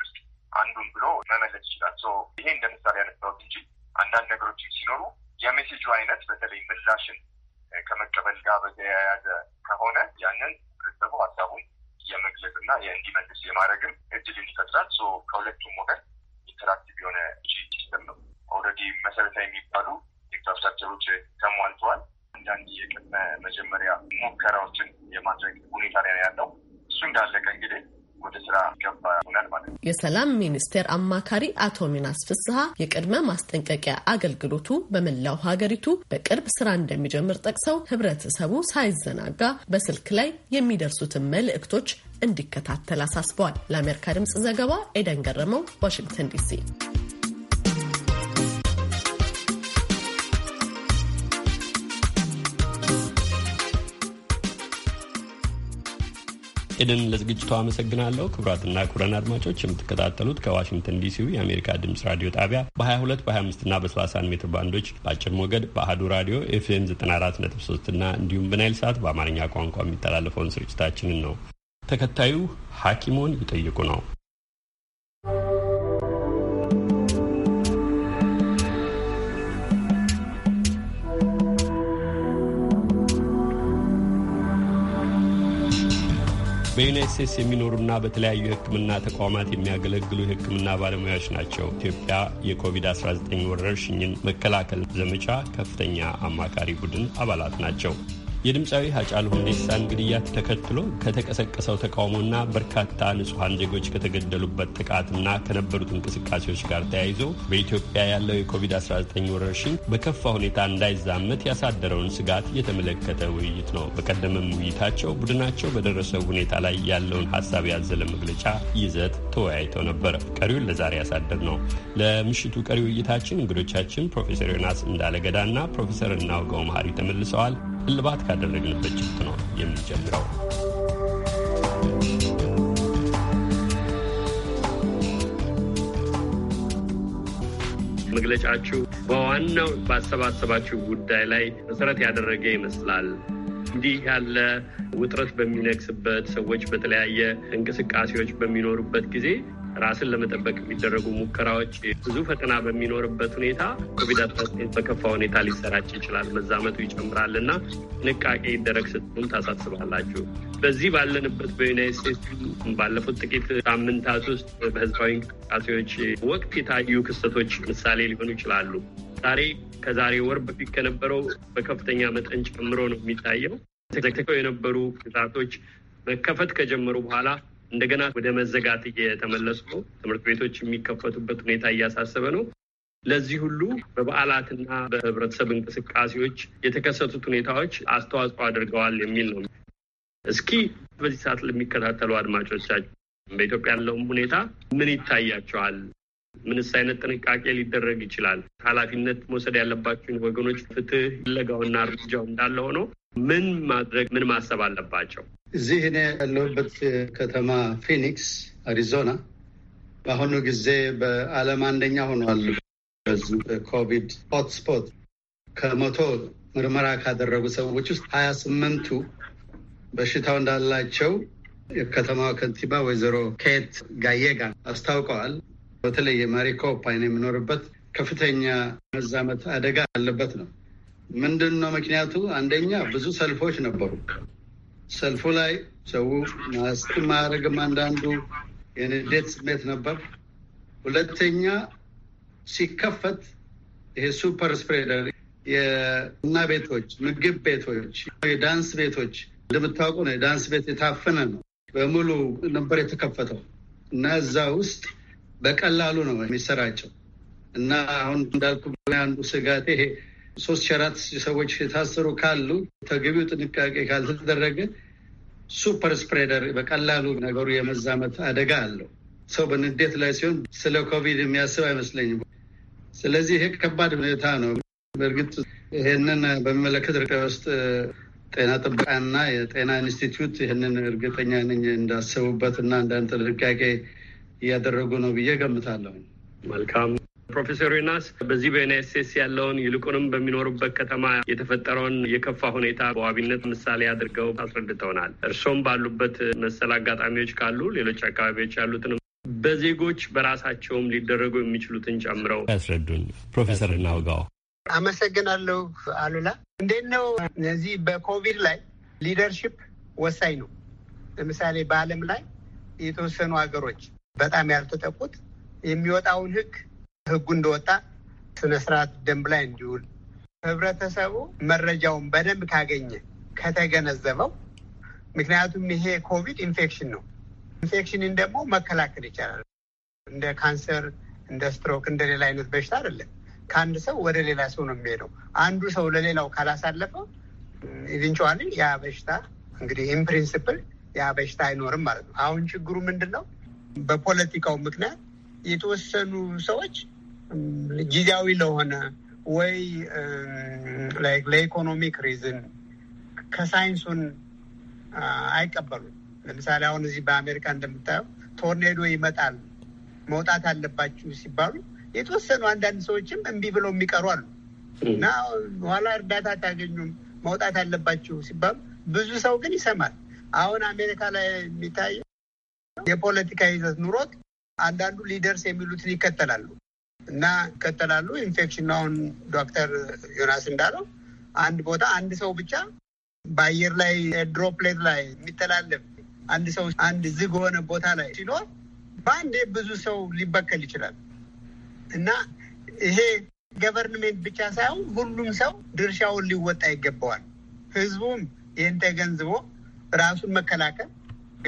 ውስጥ አንዱን ብሎ መመለስ ይችላል። ይሄ እንደ ምሳሌ ያነሳሁት እንጂ አንዳንድ ነገሮችን ሲኖሩ የሜሴጁ አይነት በተለይ ምላሽን ከመቀበል ጋር በተያያዘ ከሆነ ያንን ህብረተሰቡ ሀሳቡን የመግለጽ እና የእንዲመልስ የማድረግም እድልን ይፈጥራል። ከሁለቱም ወገን ኢንተራክቲቭ የሆነ ሲስተም ነው። ኦልሬዲ መሰረታዊ የሚባሉ ኢንፍራስትራክቸሮች ተሟልተዋል። አንዳንድ የቅድመ መጀመሪያ ሙከራዎችን የማድረግ ሁኔታ ላይ ያለው እሱ እንዳለቀ እንግዲህ ወደ ስራ ገባ ይሆናል ማለት ነው። የሰላም ሚኒስቴር አማካሪ አቶ ሚናስ ፍስሀ የቅድመ ማስጠንቀቂያ አገልግሎቱ በመላው ሀገሪቱ በቅርብ ስራ እንደሚጀምር ጠቅሰው ህብረተሰቡ ሳይዘናጋ በስልክ ላይ የሚደርሱትን መልእክቶች እንዲከታተል አሳስበዋል። ለአሜሪካ ድምፅ ዘገባ ኤደን ገረመው፣ ዋሽንግተን ዲሲ። ኤደን ለዝግጅቱ አመሰግናለሁ። ክቡራትና ክቡራን አድማጮች የምትከታተሉት ከዋሽንግተን ዲሲው የአሜሪካ ድምፅ ራዲዮ ጣቢያ በ22 በ25 እና በ31 ሜትር ባንዶች በአጭር ሞገድ በአህዱ ራዲዮ ኤፍኤም 94.3 እና እንዲሁም በናይል ሰዓት በአማርኛ ቋንቋ የሚተላለፈውን ስርጭታችንን ነው። ተከታዩ ሐኪሞን ይጠይቁ ነው። በዩናይት ስቴትስ የሚኖሩና በተለያዩ የሕክምና ተቋማት የሚያገለግሉ የሕክምና ባለሙያዎች ናቸው። ኢትዮጵያ የኮቪድ-19 ወረርሽኝን መከላከል ዘመቻ ከፍተኛ አማካሪ ቡድን አባላት ናቸው። የድምፃዊ ሀጫሉ ሁንዴሳን ግድያ ተከትሎ ከተቀሰቀሰው ተቃውሞና በርካታ ንጹሐን ዜጎች ከተገደሉበት ጥቃትና ከነበሩት እንቅስቃሴዎች ጋር ተያይዞ በኢትዮጵያ ያለው የኮቪድ-19 ወረርሽኝ በከፋ ሁኔታ እንዳይዛመት ያሳደረውን ስጋት የተመለከተ ውይይት ነው። በቀደመም ውይይታቸው ቡድናቸው በደረሰው ሁኔታ ላይ ያለውን ሀሳብ ያዘለ መግለጫ ይዘት ተወያይተው ነበር። ቀሪውን ለዛሬ ያሳደር ነው። ለምሽቱ ቀሪ ውይይታችን እንግዶቻችን ፕሮፌሰር ዮናስ እንዳለገዳና ፕሮፌሰር እናውገው መሀሪ ተመልሰዋል። እልባት ካደረግንበት ጭብጥ ነው የምንጀምረው። መግለጫችሁ በዋናው ባሰባሰባችሁ ጉዳይ ላይ መሰረት ያደረገ ይመስላል። እንዲህ ያለ ውጥረት በሚነግስበት ሰዎች በተለያየ እንቅስቃሴዎች በሚኖሩበት ጊዜ ራስን ለመጠበቅ የሚደረጉ ሙከራዎች ብዙ ፈተና በሚኖርበት ሁኔታ ኮቪድ በከፋ ሁኔታ ሊሰራጭ ይችላል፣ መዛመቱ ይጨምራል እና ጥንቃቄ ይደረግ ስትሉን ታሳስባላችሁ። በዚህ ባለንበት በዩናይት ስቴትስ ባለፉት ጥቂት ሳምንታት ውስጥ በህዝባዊ እንቅስቃሴዎች ወቅት የታዩ ክስተቶች ምሳሌ ሊሆኑ ይችላሉ። ዛሬ ከዛሬ ወር በፊት ከነበረው በከፍተኛ መጠን ጨምሮ ነው የሚታየው። ተዘግተው የነበሩ ግዛቶች መከፈት ከጀመሩ በኋላ እንደገና ወደ መዘጋት እየተመለሱ ነው። ትምህርት ቤቶች የሚከፈቱበት ሁኔታ እያሳሰበ ነው። ለዚህ ሁሉ በበዓላትና በህብረተሰብ እንቅስቃሴዎች የተከሰቱት ሁኔታዎች አስተዋጽኦ አድርገዋል የሚል ነው። እስኪ በዚህ ሰዓት ለሚከታተሉ አድማጮቻችን በኢትዮጵያ ያለውም ሁኔታ ምን ይታያቸዋል? ምንስ አይነት ጥንቃቄ ሊደረግ ይችላል? ኃላፊነት መውሰድ ያለባቸውን ወገኖች ፍትህ ፍለጋውና እርምጃው እንዳለ ሆኖ ምን ማድረግ ምን ማሰብ አለባቸው? እዚህ እኔ ያለሁበት ከተማ ፊኒክስ አሪዞና በአሁኑ ጊዜ በዓለም አንደኛ ሆኗል። ኮቪድ ሆትስፖት ከመቶ ምርመራ ካደረጉ ሰዎች ውስጥ ሀያ ስምንቱ በሽታው እንዳላቸው የከተማዋ ከንቲባ ወይዘሮ ኬት ጋየጋ አስታውቀዋል። በተለይ የማሪኮፓ የምኖርበት ከፍተኛ መዛመት አደጋ ያለበት ነው። ምንድን ነው ምክንያቱ? አንደኛ ብዙ ሰልፎች ነበሩ። ሰልፉ ላይ ሰው ማስክ ማድረግም አንዳንዱ የንዴት ስሜት ነበር። ሁለተኛ ሲከፈት ይሄ ሱፐር ስፕሬደር የቡና ቤቶች፣ ምግብ ቤቶች፣ የዳንስ ቤቶች እንደምታውቁ ነው። የዳንስ ቤት የታፈነ ነው በሙሉ ነበር የተከፈተው እና እዛ ውስጥ በቀላሉ ነው የሚሰራቸው እና አሁን እንዳልኩ አንዱ ስጋት ይሄ ሶስት ሺህ አራት ሰዎች የታሰሩ ካሉ ተገቢው ጥንቃቄ ካልተደረገ ሱፐር ስፕሬደር በቀላሉ ነገሩ የመዛመት አደጋ አለው። ሰው በንዴት ላይ ሲሆን ስለ ኮቪድ የሚያስብ አይመስለኝም። ስለዚህ ይሄ ከባድ ሁኔታ ነው። በእርግጥ ይህንን በሚመለከት ርቀ ውስጥ ጤና ጥበቃና የጤና ኢንስቲትዩት ይህንን እርግጠኛ ነኝ እንዳሰቡበት እና አንዳንድ ጥንቃቄ እያደረጉ ነው ብዬ ገምታለሁ። መልካም ፕሮፌሰር ዮናስ በዚህ በዩናይት ስቴትስ ያለውን ይልቁንም በሚኖሩበት ከተማ የተፈጠረውን የከፋ ሁኔታ በዋቢነት ምሳሌ አድርገው አስረድተውናል። እርሶም ባሉበት መሰል አጋጣሚዎች ካሉ ሌሎች አካባቢዎች ያሉትንም በዜጎች በራሳቸውም ሊደረጉ የሚችሉትን ጨምረው ያስረዱን ፕሮፌሰር እናውጋው። አመሰግናለሁ አሉላ። እንዴት ነው እዚህ በኮቪድ ላይ ሊደርሽፕ ወሳኝ ነው። ለምሳሌ በዓለም ላይ የተወሰኑ ሀገሮች በጣም ያልተጠቁት የሚወጣውን ሕግ ህጉ እንደወጣ ስነስርዓት ደንብ ላይ እንዲውል ህብረተሰቡ መረጃውን በደንብ ካገኘ ከተገነዘበው፣ ምክንያቱም ይሄ ኮቪድ ኢንፌክሽን ነው። ኢንፌክሽንን ደግሞ መከላከል ይቻላል። እንደ ካንሰር፣ እንደ ስትሮክ፣ እንደ ሌላ አይነት በሽታ አይደለም። ከአንድ ሰው ወደ ሌላ ሰው ነው የሚሄደው። አንዱ ሰው ለሌላው ካላሳለፈው ኢቨንቹዋሊ ያ በሽታ እንግዲህ ኢምፕሪንስፕል ያ በሽታ አይኖርም ማለት ነው። አሁን ችግሩ ምንድን ነው? በፖለቲካው ምክንያት የተወሰኑ ሰዎች ጊዜያዊ ለሆነ ወይ ለኢኮኖሚክ ሪዝን ከሳይንሱን አይቀበሉም። ለምሳሌ አሁን እዚህ በአሜሪካ እንደምታየው ቶርኔዶ ይመጣል መውጣት አለባችሁ ሲባሉ የተወሰኑ አንዳንድ ሰዎችም እምቢ ብለው የሚቀሩ አሉ እና ኋላ እርዳታ አታገኙም መውጣት አለባችሁ ሲባሉ ብዙ ሰው ግን ይሰማል። አሁን አሜሪካ ላይ የሚታየው የፖለቲካ ይዘት ኑሮት አንዳንዱ ሊደርስ የሚሉትን ይከተላሉ። እና ይከተላሉ። ኢንፌክሽን አሁን ዶክተር ዮናስ እንዳለው አንድ ቦታ አንድ ሰው ብቻ በአየር ላይ ድሮፕሌት ላይ የሚተላለፍ አንድ ሰው አንድ ዝግ የሆነ ቦታ ላይ ሲኖር በአንዴ ብዙ ሰው ሊበከል ይችላል እና ይሄ ገቨርንሜንት ብቻ ሳይሆን ሁሉም ሰው ድርሻውን ሊወጣ ይገባዋል። ህዝቡም ይህን ተገንዝቦ ራሱን መከላከል፣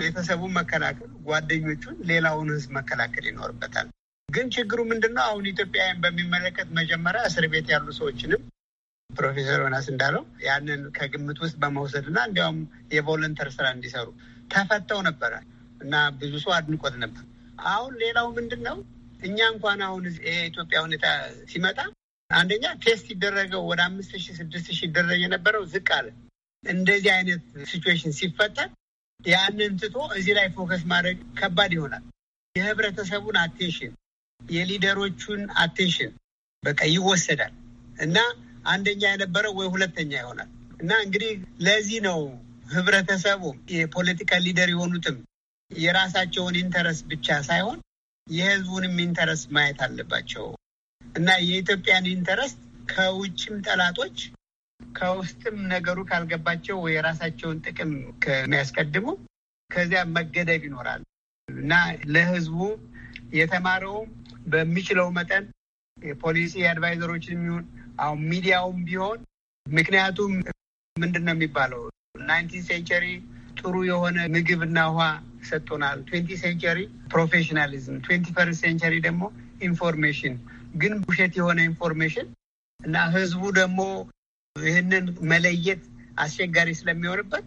ቤተሰቡን መከላከል፣ ጓደኞቹን፣ ሌላውን ህዝብ መከላከል ይኖርበታል። ግን ችግሩ ምንድን ነው? አሁን ኢትዮጵያን በሚመለከት መጀመሪያ እስር ቤት ያሉ ሰዎችንም ፕሮፌሰር ዮናስ እንዳለው ያንን ከግምት ውስጥ በመውሰድ እና እንዲያውም የቮለንተር ስራ እንዲሰሩ ተፈተው ነበረ እና ብዙ ሰው አድንቆት ነበር። አሁን ሌላው ምንድን ነው? እኛ እንኳን አሁን የኢትዮጵያ ሁኔታ ሲመጣ አንደኛ ቴስት ይደረገው ወደ አምስት ሺህ ስድስት ሺህ ይደረግ የነበረው ዝቅ አለ። እንደዚህ አይነት ሲትዌሽን ሲፈጠር ያንን ትቶ እዚህ ላይ ፎከስ ማድረግ ከባድ ይሆናል። የህብረተሰቡን አቴንሽን የሊደሮቹን አቴንሽን በቃ ይወሰዳል እና አንደኛ የነበረው ወይ ሁለተኛ ይሆናል እና እንግዲህ ለዚህ ነው ህብረተሰቡ የፖለቲካ ሊደር የሆኑትም የራሳቸውን ኢንተረስ ብቻ ሳይሆን የህዝቡንም ኢንተረስት ማየት አለባቸው እና የኢትዮጵያን ኢንተረስት ከውጭም ጠላቶች ከውስጥም ነገሩ ካልገባቸው ወይ የራሳቸውን ጥቅም ከሚያስቀድሙ ከዚያ መገደብ ይኖራል እና ለህዝቡ የተማረውም በሚችለው መጠን የፖሊሲ አድቫይዘሮችን የሚሆን አሁን ሚዲያውም ቢሆን ምክንያቱም ምንድን ነው የሚባለው ናይንቲን ሴንቸሪ ጥሩ የሆነ ምግብ እና ውሃ ሰጥቶናል። ትዌንቲ ሴንቸሪ ፕሮፌሽናሊዝም፣ ትዌንቲ ፈርስት ሴንቸሪ ደግሞ ኢንፎርሜሽን፣ ግን ውሸት የሆነ ኢንፎርሜሽን እና ህዝቡ ደግሞ ይህንን መለየት አስቸጋሪ ስለሚሆንበት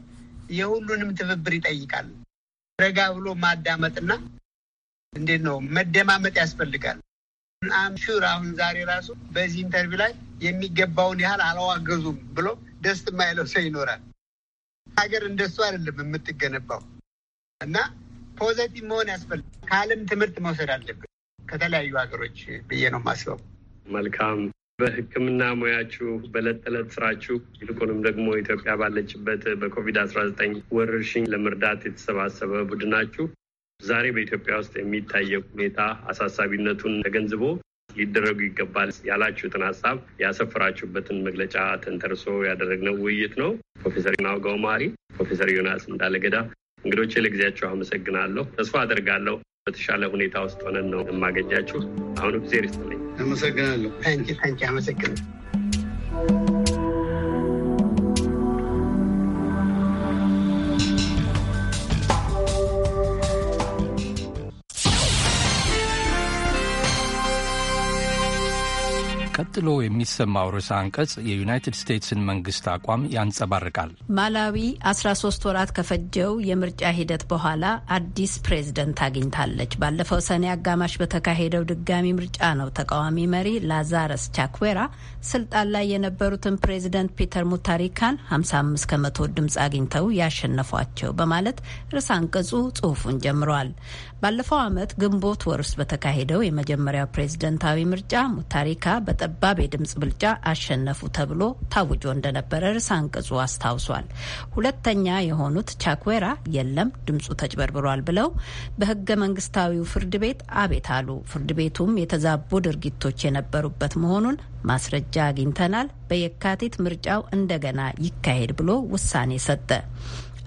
የሁሉንም ትብብር ይጠይቃል። ረጋ ብሎ ማዳመጥና እንዴት ነው መደማመጥ ያስፈልጋል። አምሹር አሁን ዛሬ ራሱ በዚህ ኢንተርቪው ላይ የሚገባውን ያህል አላዋገዙም ብሎ ደስ የማይለው ሰው ይኖራል። ሀገር እንደሱ አይደለም የምትገነባው እና ፖዘቲቭ መሆን ያስፈልጋል። ከዓለም ትምህርት መውሰድ አለብን ከተለያዩ ሀገሮች ብዬ ነው የማስበው። መልካም በሕክምና ሙያችሁ በዕለት ተዕለት ስራችሁ ይልቁንም ደግሞ ኢትዮጵያ ባለችበት በኮቪድ አስራ ዘጠኝ ወረርሽኝ ለመርዳት የተሰባሰበ ቡድናችሁ ዛሬ በኢትዮጵያ ውስጥ የሚታየው ሁኔታ አሳሳቢነቱን ተገንዝቦ ሊደረጉ ይገባል ያላችሁትን ሀሳብ ያሰፈራችሁበትን መግለጫ ተንተርሶ ያደረግነው ውይይት ነው። ፕሮፌሰር ናውጋው ማሪ፣ ፕሮፌሰር ዮናስ እንዳለገዳ እንግዶች ለጊዜያቸው አመሰግናለሁ። ተስፋ አደርጋለሁ በተሻለ ሁኔታ ውስጥ ሆነን ነው የማገኛችሁ። አሁንም ጊዜ ርስትልኝ አመሰግናለሁ። አመሰግናለሁ። ቀጥሎ የሚሰማው ርዕሰ አንቀጽ የዩናይትድ ስቴትስን መንግስት አቋም ያንጸባርቃል። ማላዊ 13 ወራት ከፈጀው የምርጫ ሂደት በኋላ አዲስ ፕሬዝደንት አግኝታለች። ባለፈው ሰኔ አጋማሽ በተካሄደው ድጋሚ ምርጫ ነው ተቃዋሚ መሪ ላዛረስ ቻክዌራ ስልጣን ላይ የነበሩትን ፕሬዝደንት ፒተር ሙታሪካን 55 ከመቶ ድምፅ አግኝተው ያሸነፏቸው በማለት ርዕሰ አንቀጹ ጽሑፉን ጀምሯል። ባለፈው ዓመት ግንቦት ወር ውስጥ በተካሄደው የመጀመሪያው ፕሬዝደንታዊ ምርጫ ሙታሪካ በጠ በጠባብ የድምፅ ብልጫ አሸነፉ ተብሎ ታውጆ እንደነበረ ርዕሰ አንቀጹ አስታውሷል። ሁለተኛ የሆኑት ቻኩዌራ የለም ድምፁ ተጭበርብሯል ብለው በህገ መንግስታዊው ፍርድ ቤት አቤት አሉ። ፍርድ ቤቱም የተዛቡ ድርጊቶች የነበሩበት መሆኑን ማስረጃ አግኝተናል፣ በየካቲት ምርጫው እንደገና ይካሄድ ብሎ ውሳኔ ሰጠ።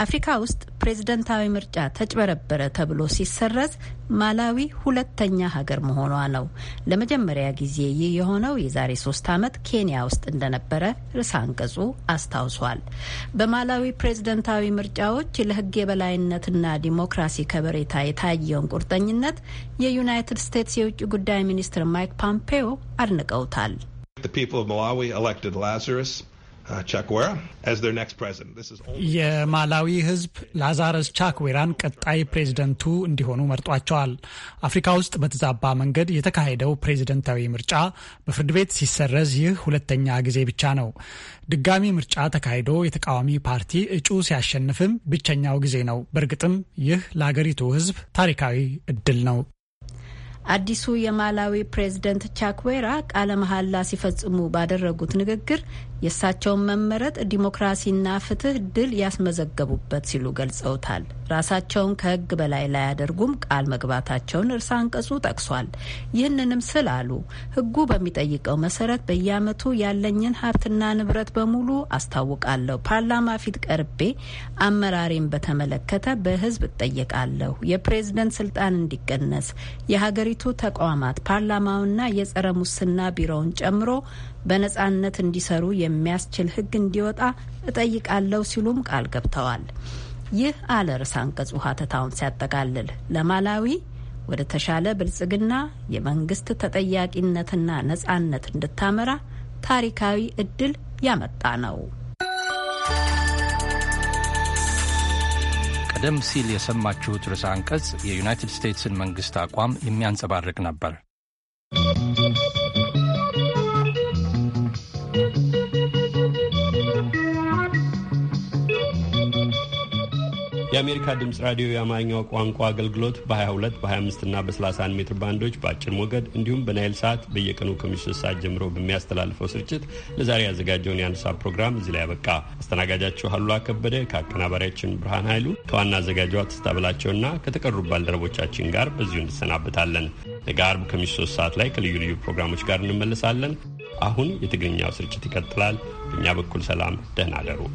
አፍሪካ ውስጥ ፕሬዝደንታዊ ምርጫ ተጭበረበረ ተብሎ ሲሰረዝ ማላዊ ሁለተኛ ሀገር መሆኗ ነው። ለመጀመሪያ ጊዜ ይህ የሆነው የዛሬ ሶስት ዓመት ኬንያ ውስጥ እንደነበረ ርዕሰ አንቀጹ አስታውሷል። በማላዊ ፕሬዝደንታዊ ምርጫዎች ለሕግ የበላይነትና ዲሞክራሲ ከበሬታ የታየውን ቁርጠኝነት የዩናይትድ ስቴትስ የውጭ ጉዳይ ሚኒስትር ማይክ ፖምፔዮ አድንቀውታል። Uh, የማላዊ ህዝብ ላዛረስ ቻክዌራን ቀጣይ ፕሬዝደንቱ እንዲሆኑ መርጧቸዋል። አፍሪካ ውስጥ በተዛባ መንገድ የተካሄደው ፕሬዝደንታዊ ምርጫ በፍርድ ቤት ሲሰረዝ ይህ ሁለተኛ ጊዜ ብቻ ነው። ድጋሚ ምርጫ ተካሂዶ የተቃዋሚ ፓርቲ እጩ ሲያሸንፍም ብቸኛው ጊዜ ነው። በእርግጥም ይህ ለአገሪቱ ህዝብ ታሪካዊ እድል ነው። አዲሱ የማላዊ ፕሬዝደንት ቻክዌራ ቃለ መሐላ ሲፈጽሙ ባደረጉት ንግግር የእሳቸውን መመረጥ ዲሞክራሲና ፍትህ ድል ያስመዘገቡበት ሲሉ ገልጸውታል። ራሳቸውን ከህግ በላይ ላያደርጉም ቃል መግባታቸውን እርሳ አንቀጹ ጠቅሷል። ይህንንም ስል አሉ ህጉ በሚጠይቀው መሰረት በየአመቱ ያለኝን ሀብትና ንብረት በሙሉ አስታውቃለሁ። ፓርላማ ፊት ቀርቤ አመራሬን በተመለከተ በህዝብ እጠየቃለሁ። የፕሬዝደንት ስልጣን እንዲቀነስ የሀገሪቱ ተቋማት ፓርላማውና የጸረ ሙስና ቢሮውን ጨምሮ በነጻነት እንዲሰሩ የሚያስችል ህግ እንዲወጣ እጠይቃለሁ ሲሉም ቃል ገብተዋል። ይህ አለ ርዕሰ አንቀጹ ሀተታውን ሲያጠቃልል ለማላዊ ወደ ተሻለ ብልጽግና የመንግስት ተጠያቂነትና ነጻነት እንድታመራ ታሪካዊ እድል ያመጣ ነው። ቀደም ሲል የሰማችሁት ርዕሰ አንቀጽ የዩናይትድ ስቴትስን መንግስት አቋም የሚያንጸባርቅ ነበር። የአሜሪካ ድምፅ ራዲዮ የአማርኛው ቋንቋ አገልግሎት በ22 በ25 እና በ31 ሜትር ባንዶች በአጭር ሞገድ እንዲሁም በናይል ሰዓት በየቀኑ ከምሽቱ ሰዓት ጀምሮ በሚያስተላልፈው ስርጭት ለዛሬ ያዘጋጀውን የአንድ ፕሮግራም እዚህ ላይ ያበቃ። አስተናጋጃችሁ አሉላ ከበደ ከአቀናባሪያችን ብርሃን ኃይሉ ከዋና አዘጋጇ ትስታ ከተቀሩ ባልደረቦቻችን ጋር በዚሁ እንሰናበታለን። ነገ አርብ ከምሽቱ ሰዓት ላይ ከልዩ ልዩ ፕሮግራሞች ጋር እንመለሳለን። አሁን የትግርኛው ስርጭት ይቀጥላል። በእኛ በኩል ሰላም፣ ደህና አደሩ።